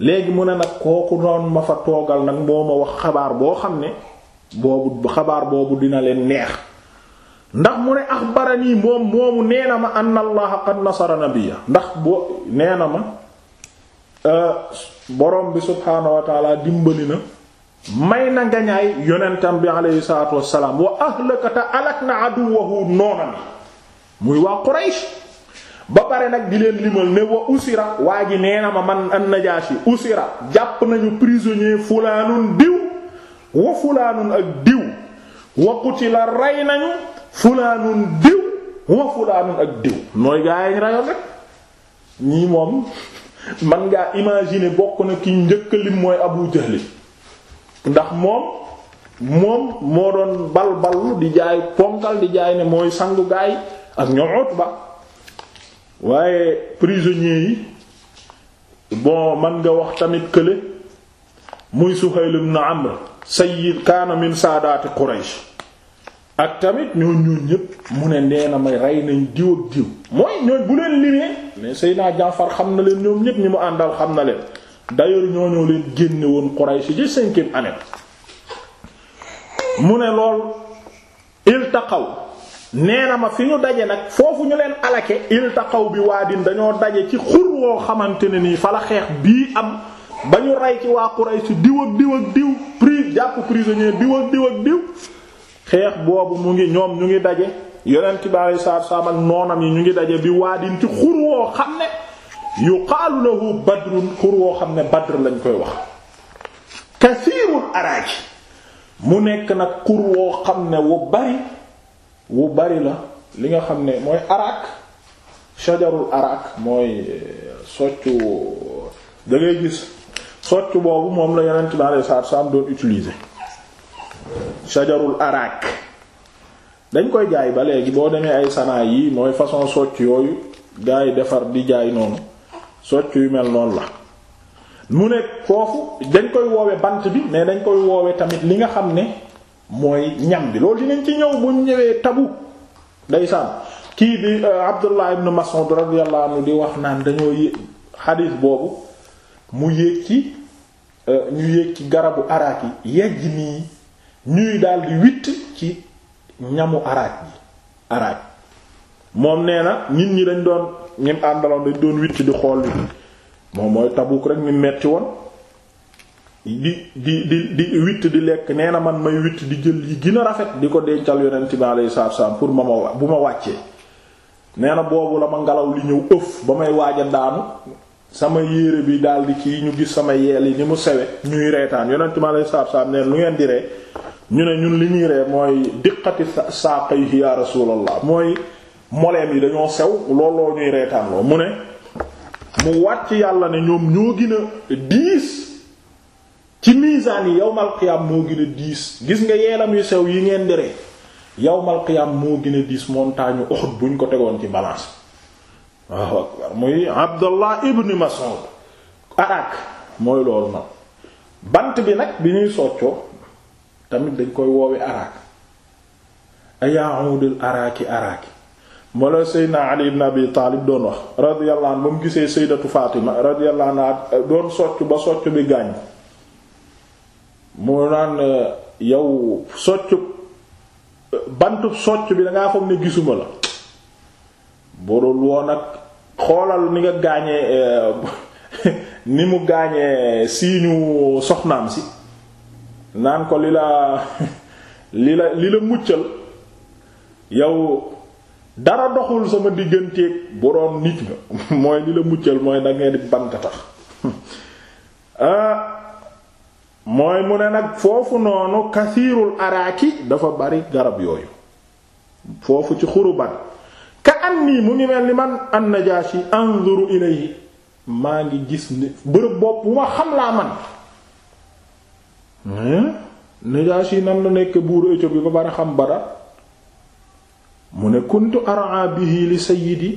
léegi mu ne nag kooku noonu ma fa toogal nag moo ma wax xabaar boo xam ne boobu xabaar boobu dina leen neex ndax mu ne axbarani moom moomu nee na ma anna allaha qad nasara nabiyya ndax boo nee na ma euh, borom bi subhaanahu wa dimbali na may na ngañaay yonentam bi aleyhi salaatu wassalaam wa ahlakata alak na aduwahu noona mi muy waa Quraysh ba pare nag di leen limal ne wa usira waa ji nee ma man an najaashi usira jàpp nañu prisonnier fulaanun diw wa fulaanun ak diw wa qutila rey nañu fulaanun diw wa fulaanun ak diw mooy gaa yi ñu rek ñii moom man ngaa imaginer bokk na ki njëkk lim mooy Abu Jahl ndax moom moom moo doon bal di jaay ponkal di jaay ne mooy sangu gaa ak ñoom Utba waaye prisonnier yi bon man nga wax tamit kële muy Suhayl ibn Amr sayyid kaana min saadaati Quraysh ak tamit ñooñ ñooñ ñépp mu ne nee na may rey nañ diw ak diw mooy ñooñ bu leen limee mais Seydina Jaafar xam na leen ñoom ñépp ñi mu àndal xam na leen d'ailleurs ñoo ñoo leen génne woon Quraysh ci cinquième année mu ne lool iltaqaw nee na ma fi ñu daje nag foofu ñu leen alake iltaqaw bi waadin dañoo daje ci xur woo xamante ne nii fa la xeex bii am ba ñu rey ci waa Quraysh diw ak diw ak diw prise jàpp prisonnier diw ak diw ak diw xeex boobu mu ngi ñoom ñu ngi daje yeneen bi alei salatu salaam ak noonam yi ñu ngi daje bi waa ci xur woo xam ne yuqaalu lahu badrun xur woo xam ne badr lañ koy wax kasiirul araaji mu nekk nag xur woo xam ne wu bari wu bari la li nga xam ne mooy araak shajarul araak mooy eh, soccu da gis soccu boobu moom la yonent bi alei salatu salaam doon utiliser shajarul arak dañ koy jaay ba léegi boo demee ay sanaa yi mooy façon socc yooyu gaa yi defar di jaay noonu socc yu mel noonu la mu ne foofu dañ koy woowe bant bi mais dañ koy woowe tamit li nga xam ne mooy ñam bi loolu dinañ ci ñëw bu ñëwee tabu ndeysaan kii bi euh, Abdullah ibn Mas'ud radiyallahu anhu di wax naan dañoo yéeg xadiis boobu mu yéeg ci euh, ñu yéeg ci garabu araak yi yejj nii ñuy daldi witt ci ñamu araaj yi araaj moom nee na nit ñi dañ doon ñim àndaloon dañ doon witt di xool li moom mooy Tabuk rek mi metti woon di di di di witt di lekk nee na man may witt di jël yi gën a rafet di ko dencal yonent bi alayhi salaatu pour ma ma bu ma wàccee nee na boobu la ma ngelaw li ñëw ëf ba may waaja daanu sama yére bi daldi ci ñu gis sama yeel yi ni mu sewe ñuy reetaan yonent bi alayhi salaatu salaam neen lu ngeen di ree ñu ne ñun li ñuy ree mooy diqati saaqayhi ya rasulallah mooy moleem yi dañoo sew looloo ñuy reetaanloo mu ne mu wàcc yàlla ne ñoom ñoo gën a diis ci miisaan yi yawmal qiyaam moo gën diis gis nga yeelam yu sew yi ngeen di ree yawmal qiyaam moo gën a diis montagne Uhud buñ ko tegoon ci balance waaw akbar muy Abdallah ibn Mas'ud arak mooy loolu nag bant bi nag bi ñuy soccoo tamit dañ koy woowe araak ayaudul araaki araaki moo la seydna ali ibn taalib doon wax radiyallahu anhu ba mu gisee seydatu faatima radiyallahu anha doon soccu ba soccu bi gaañ mu naan yow soccu bantub soccu bi dangaa foog ne gisuma la burul woon ak xoolal ni nga gaañee ni mu gaañee siiñu soxnaam si naan ko li la li la li la muccal yow dara doxul sama digganteeg bu doon nit nga mooy li la muccal mooy da di bant tax ah, mooy mu ne nag foofu noonu kasiirul araaki dafa bari garab yooyu foofu ci xuruban ka an nii mu ngi mel ni man an najaashi anzuru ilayhi maa ngi gis ni bërëb bopp bu xam laa man Hmm? Najaashi nan la nekk buuru bi ba bara xam Badar mu ne kuntu araa bi li sayyidi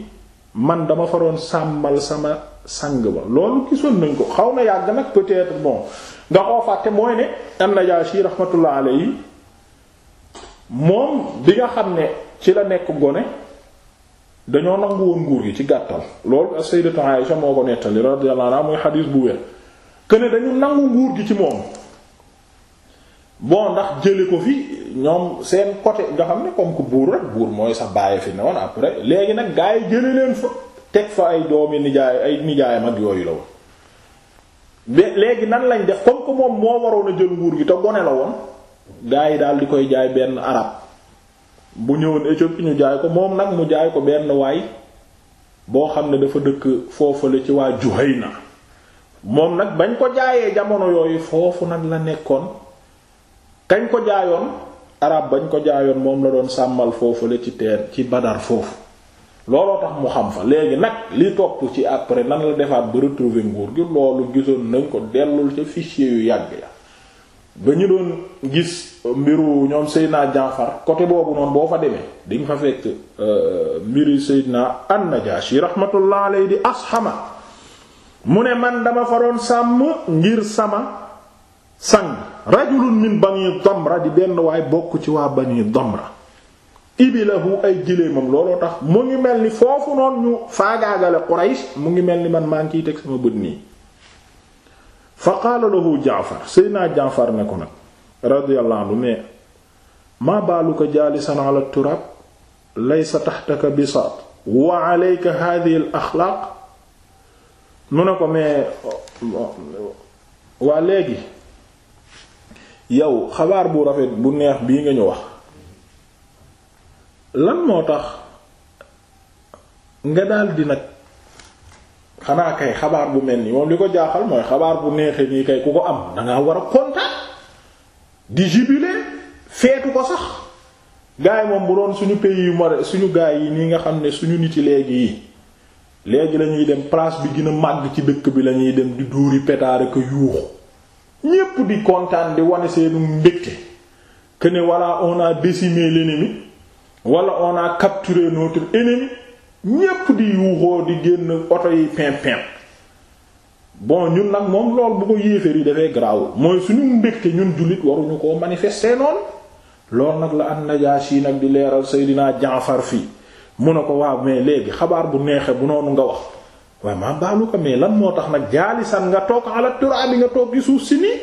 man dama faroon sàmmal sama sang ba loolu gisoon nañ ko xaw na yàgg nag peut-être bon nga koo fàtte mooy ne an Najaashi rahmatullah alayhi moom bi nga xam ne ci la nekk gone dañoo nangu woon nguur gi ci gàttal loolu sayyidatu Aisha moo ko nettali radiyallahu anha muy xadiis bu wér këne dañu nangu nguur gi ci moom bon ndax jële ko fi ñoom seen côté nga xam ne comme que buur rek buur mooy sa bàyyi fi ne woon après léegi nag gaa yi jële leen fa teg fa ay doomi nijaay ay nijaayam ak yooyu la woon mais léegi nan lañ def comme ko moom moo waroon a jël nguur gi te gone la woon gaa yi daal di koy jaay benn arab bu ñëwoon Éthiopie ñu jaay ko moom nag mu jaay ko benn waay boo xam ne dafa dëkk foofu la ci waa Juhayna moom nag bañ ko jaayee jamono yooyu foofu nag la nekkoon kañ ko jaayoon arab bañ ko jaayoon moom la doon sàmmal foofu la ci teer ci badar foofu looloo tax mu xam fa léegi nag li topp ci après nan la defaat ba retrouver nguur gi loolu gisoon nañ ko dellul ca fichier yu yàgg ya ba ñu doon gis mbiru ñoom Seydina Jaafar côté boobu noonu boo fa demee di nga fa fekk euh, mbiru Seydina An-Najaashi rahmatullah alayhi di asxama mu ne man dama fa doon sàmm ngir sama sang rajulun min bani damra di benn waay bokk ci waa bani damra ibilahu ay giléemam looloo tax mu ngi mel ni foofu noonu ñu faagaagale quraysh mu ngi mel ni man maa ngi ciy teg sama bët nii fa qaala lahu jaafar seydinaa jaafar ne ko nag radiyallahu anhu mais maa baaluka jaalisan ala turaab laysa taxtaka bisaat wa alayka hadhihi al axlaaq mu ne ko mais waa léegi yow xabaar bu rafet bu neex bii nga ñu wax lan moo tax nga daldi nag xanaa kay xabaar bu mel nii moom li ko jaaxal mooy xabaar bu neexee nii kay ku ko am dangaa war a kontaan di jubiler feetu ko sax gaay moom bu doon suñu pays yu mare suñu gaay yi nii nga xam ne suñu nit yi léegi yi léegi lañuy dem place bi gën a màgg ci dëkk bi lañuy dem di duuri pétard ak yuuxu ñépp di kontaan di wane seenu mbégte que ne voilà on a décimé l'ennemi wala on a ñépp di yuuxoo di génn oto yi pimpimp bon ñun nag moom lool bu ko yéeféer yi dafay garaaw mooy suñu mbégte ñun jullit waruñu koo manifester noonu loolu nag la an Najaashi nag di leeral Seydina Jaafar fii mu ne ko waaw mais léegi xabaar bu neexee bu noonu nga wax waaye maa baalu ko mais lan moo tax nag jaalisan nga toog ala turaabi nga toog ci suuf si nii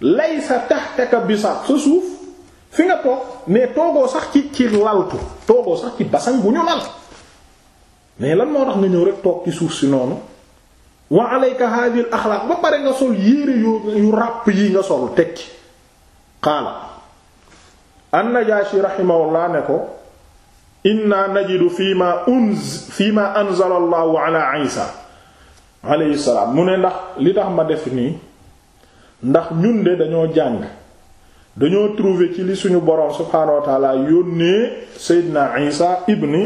laysa tahtaka bisaat sa suuf fi nga toog mais toogoo sax ci ci laltu toogoo sax ci basan bu ñu lal mais lan moo tax nga ñëw rek toog ci suuf si noonu wa alayka hadhihi al akhlaq ba pare nga sol yére yu yu ràpp yi nga sol tekki qaala an-Najaashi rahimahullah ne ko inna najidu fii ma unz fii ma anzala allahu ala isa alayhi mu ne ndax li tax ma def nii ndax ñun de dañoo jàng dañoo trouver ci li suñu boroom subhaanahu wa taala yónnee seydina isa ibni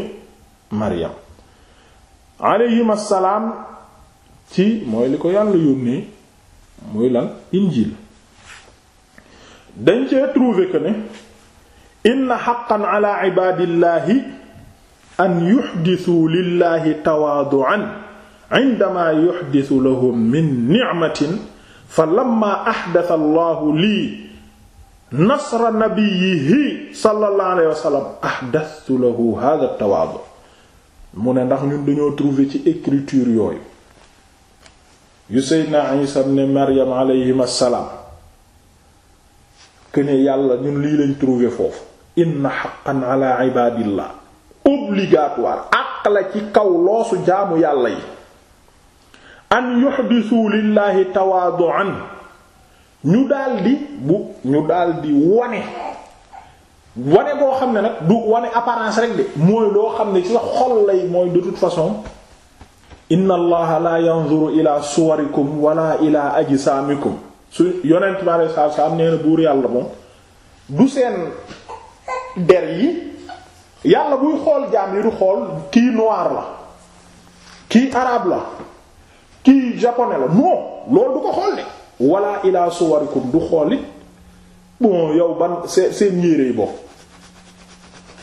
maryam alayhim assalaam ci mooy li ko yàlla yónnee mooy lan injil dañ cee trouver que ne inna xaqan ala ibaadillaahi an yuxdisu lillaahi tawaadu'an indamaa yuxdisu lahum min nicmatin fa lamma axdasa allahu lii nasra nabiyihi sallallahu alayhi wa sallam ahdastu lahu tawaadu mu ne ndax ñun dañoo trouver ci écriture yooyu yu seydna isa ibn maryam alayhim assalaam que ne yàlla ñun lii lañ trouver foofu inna xaqan ala ibadillah obligatoire àq la ci kaw loosu jaamu yàlla yi an yuxdisu lillahi tawaadu'an ñu daldi bu ñu daldi wane wane boo xam ne nag du wane apparence rek de mooy loo xam ne ci sa xol lay mooy de toute façon inna allaha la ila suwarikum wala ila ajsaamikum su yonent bi sallallahu alayhi wasallam nee buur yàlla moom du seen der yi yàlla buy xool jaam yi du xool kii noir la kii arabe la kii japonais la non loolu du ko xool de walla ilaa suwarikum du xoolit bon yow ba seen seen yére yi bokk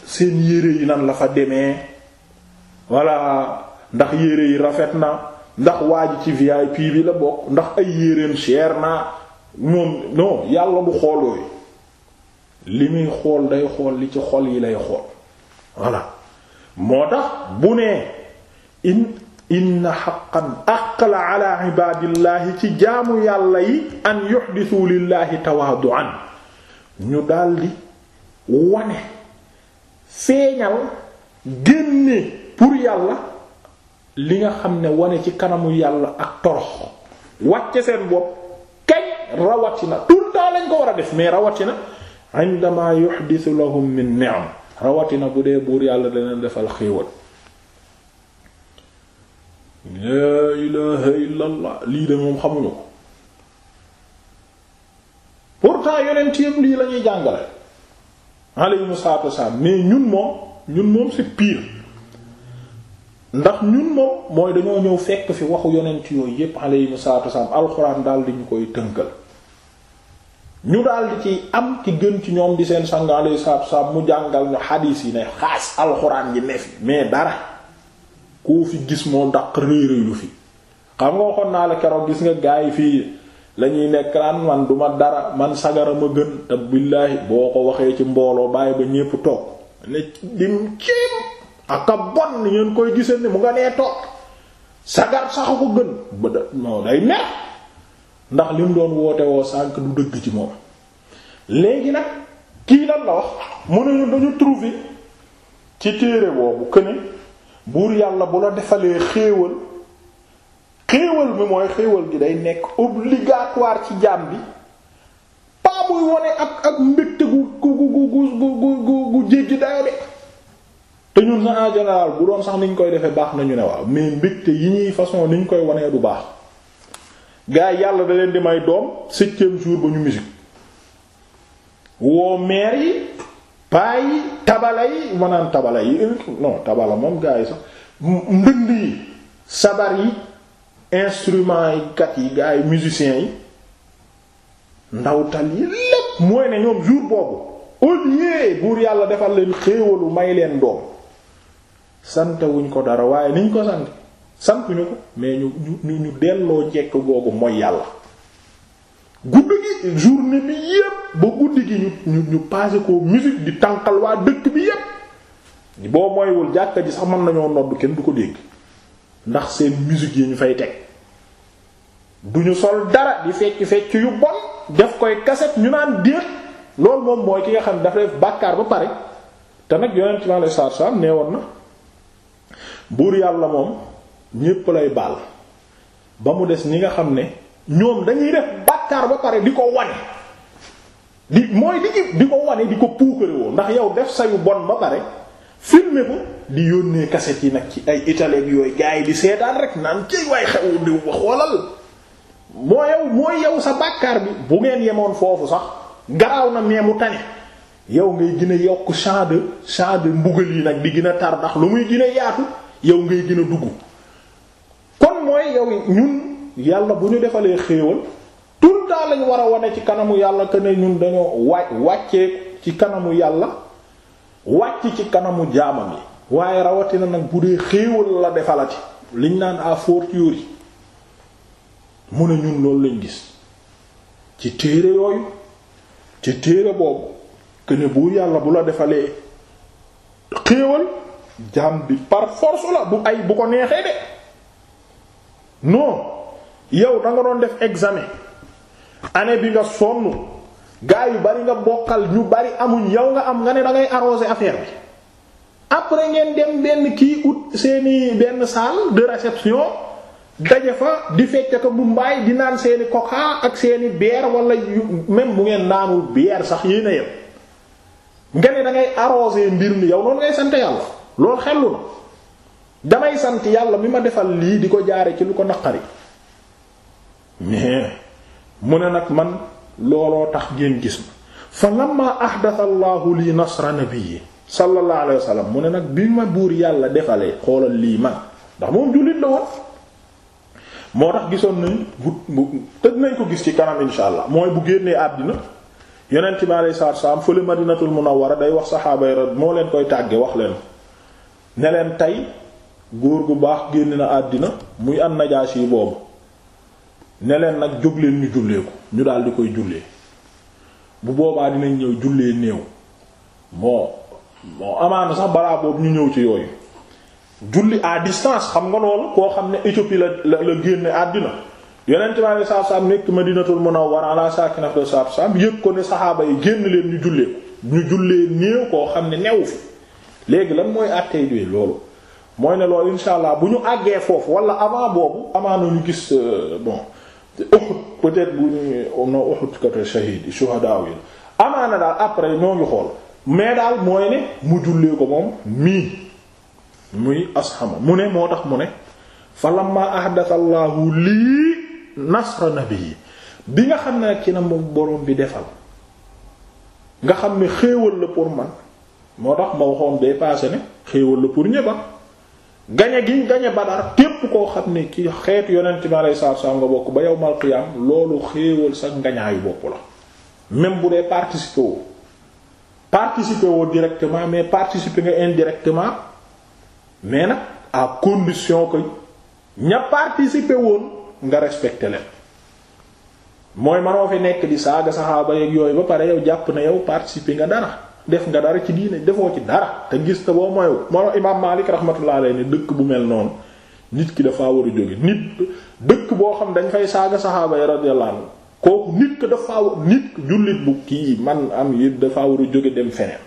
seen yére yi nan la fa demee walla ndax yére yi rafet na ndax waa ji ci VIP bi la bokk ndax ay yéreem cher na moom non yàlla bu xoolooy li muy xool day xool li ci xol yi lay xool voilà moo tax bu nee in inna xaqan aqla ala ibadillahi ci jaamu yàlla yi an yuxdisu lillahi tawaadu'an ñu daldi wane feeñal génne pour yàlla li nga xam ne wane ci kanamu yàlla ak torox wàcce seen bopp kay rawatina tout le temps lañ ko war a def mais rawatina indama yuxdisu lahum min ni'am rawatina bu dee buur yàlla daneen defal xéewal laa ilaha illa lii de moom xamuñu ko pourtant yonent yépp lii la ñuy jàngale aleyhum salaatu wasalaam mais ñun moom ñun moom c'est pire ndax ñun moom mooy dañoo ñëw fekk fi waxu yonent yooyu yépp aleyhum salaatu wasalaam alxuraan daal di ñu koy tënkal ñu daal ci am ki gën ci ñoom di seen sang alayhi salaatu mu jàngal ñu xadiis yi ne xaas alxuraan yi ne fi mais dara koo fi gis moo daq réeréy lu fi xam nga waxoon naa la keroog gis nga gaa yi fii lañuy nekk naan man duma dara man sagara ma gën te boo ko waxee ci mbooloo bàyyi ba ñépp toog ne dim ciim aka bon ngeen koy gisal ni mu nga nee toog sagar sax ko gën ba da moo day neex ndax li mu doon woote woo sànk du dëgg ci moom léegi nag kii lan la wax mu ne ñu dañu trouver ci téere boobu këne buur yàlla bu la defalee xéewal xéewal bi mooy xéewal gi day nekk obligatoire ci jaam bi paa muy wone ak ak mbégte gu gu gu gu gu jéggi dayo de te ñun sa en général bu doon sax niñ koy defee baax nañu ne waaw mais mbégte yi ñuy façon niñ koy wonee du baax gaa yi yàlla da leen di may doom septième jour ba ñu musique woo meer yi paa yi tabala yi manaan tabala yi non tabala moom gaa yi sax ndënd yi sabar yi instrument yi kat yi gaa yi musiciens yi ndawtal yi lépp mooy ne ñoom jour boobu au buur yàlla defal leen xéewalu may leen doom santewuñ ko dara waaye niñ ko sant santuñu ko mais ñu ñu ñu delloo njekk googu mooy yàlla guddi gi journée bi yépp ba guddi gi ñu ñu ñu ko musique di tànqal waa dëkk bi yépp boo mooywul jàkka ji sax mën nañoo nodd kenn du ko dégg ndax seen musique yi ñu fay teg ñu sol dara di fecc fecc yu bon def koy kaset ñu naan déet lool moom mooy ki nga xam ne def bàkkaar ba pare te nag yonent mi alayhi salaatu salaam nee woon na buur yàlla moom ñépp lay baal ba mu des ñi nga xam ne ñoom dañuy def bàkkaar ba pare di ko wane di mooy di di ko wane di ko puukarewoo ndax yow def sayu bon ba pare filmer ko di yónnee cassette yi nag ci ay italeeg yooyu gaay yi di seetaan rek naan cëy waay xewu di wax xoolal moo yow mooy yow sa bàkkaar bi bu ngeen yemoon foofu sax garaaw na mu tane yow ngay gën yokk champ de champ de mbugal yi nag di gën a tar ndax lu muy gën yaatu yow ngay gën a kon mooy yow ñun yàlla bu ñu defalee xéewal tout le temps lañ war a wane ci kanamu yàlla que ñun dañoo wàcc wàccee ci kanamu yàlla wàcc ci kanamu jaamam yi waaye rawatina nag bu dee xéewal la defalati liñ naan à fortiori mu ne ñun loolu lañ gis ci téere yooyu ci téere boobu que bu yàlla bu la defalee xéewal jaam bi par la bu ay bu ko neexee de. non yow da doon def examen année bi nga sonn gaa yu bari nga bokkal ñu bari amuñ yow nga am nga ne da ngay arroser affaire bi après ngeen dem benn kii ut seeni benn salle de réception daje fa di fecc ko bu mbaay di naan seeni coca ak seeni bière wala même bu ngeen naanul bière sax yéen a yem nga ne da ngay mbir mi yow noonu ngay sant yàlla loolu xellu na. damay sant yàlla mi ma defal lii di ko jaare ci lu ko naqari mais mu ne nag man looloo tax ngeen gis ma fa lamma ahdatha allahu li nasra nabiyyi sallallahu alayhi wa sallam mu ne nag bi ma buur yàlla defalee xoolal lii man ndax moom jullit la woon moo tax gisoon nañ bu bu tëj nañ ko gis ci kanam insha allah mooy bu génnee àddina yonent bi alayhi salaatu salaam fële madinatul munawwara day wax saxaaba yi moo leen koy tàggee wax leen ne leen tey góor gu baax génn na àddina muy an najaasi boobu ne leen nag jóg leen ñu jullee ko ñu daal di koy jullee bu boobaa dinañ ñëw jullee néew moo moo amaana ñu ñëw ci yooyu julli à distance xam nga loolu koo xam ne Éthiopie la la la génne àddina yeneen ci maanaam saabsaab nekk Madinatul Munawwara ala saakina afdal saabsaab yëg ko ne saxaaba yi génn ñu jullee ñu jullee néew koo xam ne newu fi léegi lan mooy àttee bi loolu. mooy ne loolu insha allah bu ñu àggee foofu wala avant boobu amaana ñu gis euh, bon te peut-être bu ñu euh, non Uhud côté shahid shuhada yi amaana daal après ñoo ngi xool mais daal mooy ne mu jullee ko moom mii muy asxama mu ne moo tax mu ne fa lamma ahdatha allahu lii nasra nabii bi nga xam ne nag ci na moom boroom bi defal nga xam ne xéewal la pour man moo tax ma waxoon day passé ne xéewal la pour ñëpp ah. gañe gi gañe Badar képp koo xam ne ci xeet yonent bi alayhi salaatu salaam nga bokk ba yawmal qiyaam loolu xéewal sax ngañaayu bopp la même bu dee participer woo participer woo directement mais participer nga indirectement mais nag à condition que ña participer woon nga respecter leen mooy manoo fi nekk di saaga saxaaba yeeg yooyu ba pare yow jàpp na yow participer nga dara def nga dara ci diine defoo ci dara te gis te boo moywu moo imaam Maalik rahmatullah ne dëkk bu mel noonu nit ki dafa war a jóge nit dëkk boo xam ne dañ fay saaga saxaaba yi radiyallahu anhu kooku nit ki dafa nit man am yi dafa jóge dem feneen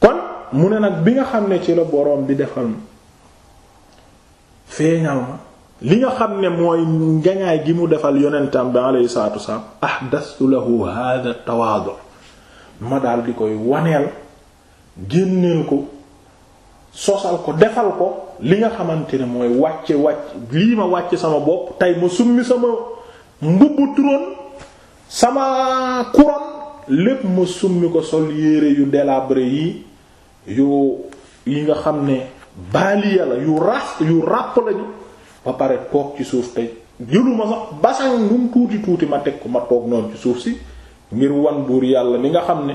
kon mu ne nag bi nga xam ne ci la boroom bi defal ma feeñal ma li nga xam ne mooy ngañaay gi mu defal yonentam bi alayhi salaatu wasalaam ahdastu lahu hadha tawaadu ma daal di koy waneel génneel ko sosal ko defal ko li nga xamante ne mooy wàcce wàcc lii ma wàcce sama bopp tey ma summi sama mbubb turoon sama couronne lépp ma summi ko sol yére yu délabré yi yu yi nga xam ne baaliya la yu ras yu ràpp lañu ba pare toog ci suuf tey jëluma sax basan lu mu tuuti tuuti ma teg ko ma toog noonu ci suuf si ngir wan buur yàlla li nga xam ne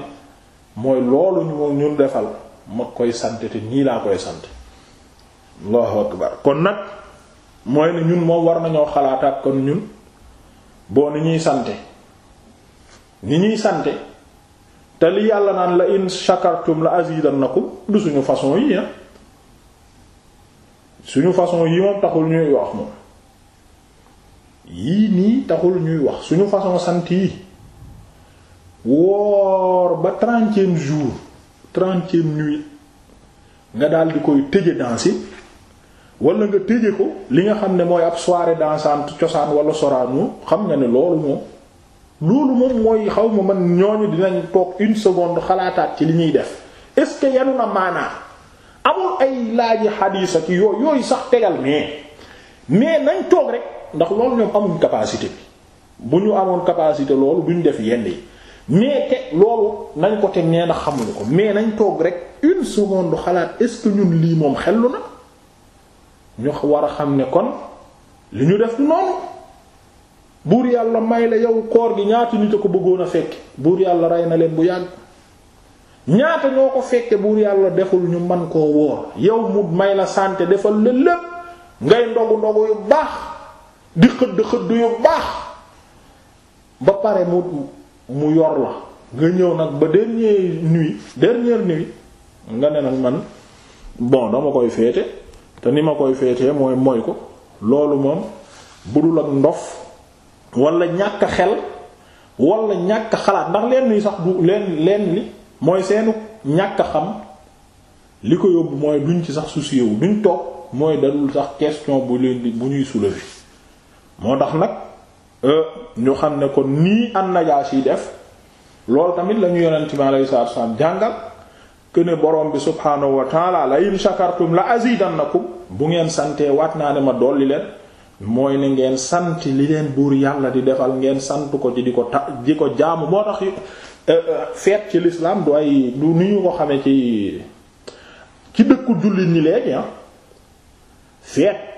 mooy loolu ñu ñun defal ma koy sante te nii laa koy sant allahu akbar kon nag mooy ne ñun moom war nañoo xalaataat kon ñun boo ni ñuy sante ni ñuy sante te li yàlla naan la in shakartum la azidannakum du suñu façon yi ah suñu façon yi moom taxul ñuy wax moom yii nii taxul ñuy wax suñu façon sant yi woor ba trentième jour trentième nuit nga daal di koy tëje danse wala nga tëje ko li nga xam ne mooy ab soirée dansante cosaan wala soraano xam na ne loolu moom loolu moom mooy xaw ma man ñooñu dinañ toog une seconde xalaataat ci li ñuy def est-ce que yanu na maanaa amul ay laaji xadiis ak yooyu yooyu sax tegal mais mais nañ toog rek ndax loolu ñoom amul capacité bi bu ñu amoon capacité loolu duñ def yenn yi mais loolu nañ ko teg nee na xamuñu ko mais nañ toog rek une du xalaat est ñun lii moom xellu na ñu war a xam ne kon li ñu def noonu buur yàlla may la yow koor gi ñaata nit a ko bëggoon a fekke buur yàlla rey na leen bu yàgg ñaata ñoo ko fekke buur yàlla deful ñu man koo wóor yow mu may la santé defal la lépp ngay ndogu ndogu yu baax di xëdd xëdd yu baax ba pare mu mu yor la nga ñëw nag ba dernière nuit dernière nuit nga ne nag man bon dama koy féete te ni ma koy féetee mooy mooy ko loolu moom budul ak ndof wala ñàkk xel wala ñàkk xalaat ndax leen li sax du leen leen mooy seenu ñàkk xam li ko yóbbu mooy duñ ci sax soucier wu duñ toog mooy dalul sax question bu leen bu ñuy soulever moo tax nag. Euh, ñu xam ne kon nii an-Najaashi def loolu tamit la ñu yonent bi alayhi salaatu wassalaam jàngal këne borom bi subhaanahu wa taala la in shakartum la azidannakum bu ngeen santee waat naa ne ma dolli leen mooy ne ngeen sant li leen buur yàlla di defal ngeen santu ko ci di ko ta di ko jaamu moo tax euh, euh, feet ci lislaam du ay du ni ñu ko xamee ci ci dëkku jullit ñi léegi ah feet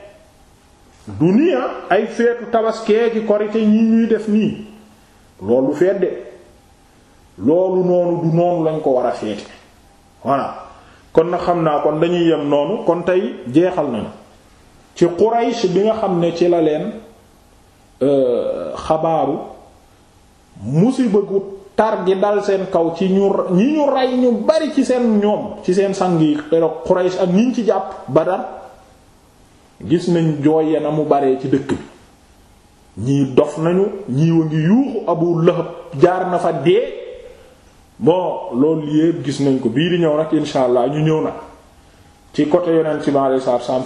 du nii ah, ay feetu tabaskee ki korite ñi ñuy def nii loolu feet de loolu noonu du noonu lañ ko war a feete voilà kon na xam naa kon dañuy yem noonu kon tey jeexal nañu ci Quraysh bi nga xam ne ci la leen euh, xabaaru musiba gu tar gi dal seen kaw ci ñu ñi ñu rey ñu bari ci seen ñoom ci seen sang yi Quraysh ak ñi ci jàpp Badar gis nañ jooy ya mu baree ci dëkk bi ñii dof nañu ñii wa ngi yuuxu Abu Lahab jaar na fa dee bon loolu yépp gis nañ ko bii di ñëw nag insha allah ñu ñëw nag ci côté yonent ci ma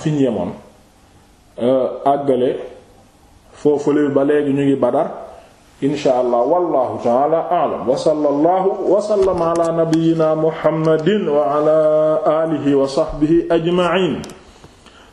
fi ñu yemoon euh, àggale foofule ba léegi ñu ngi Badar insha allah wallahu taala a'lam wa sallallahu wa sallama ala nabiyyina muhammadin wa ala alihi wa sahbihi ajma'in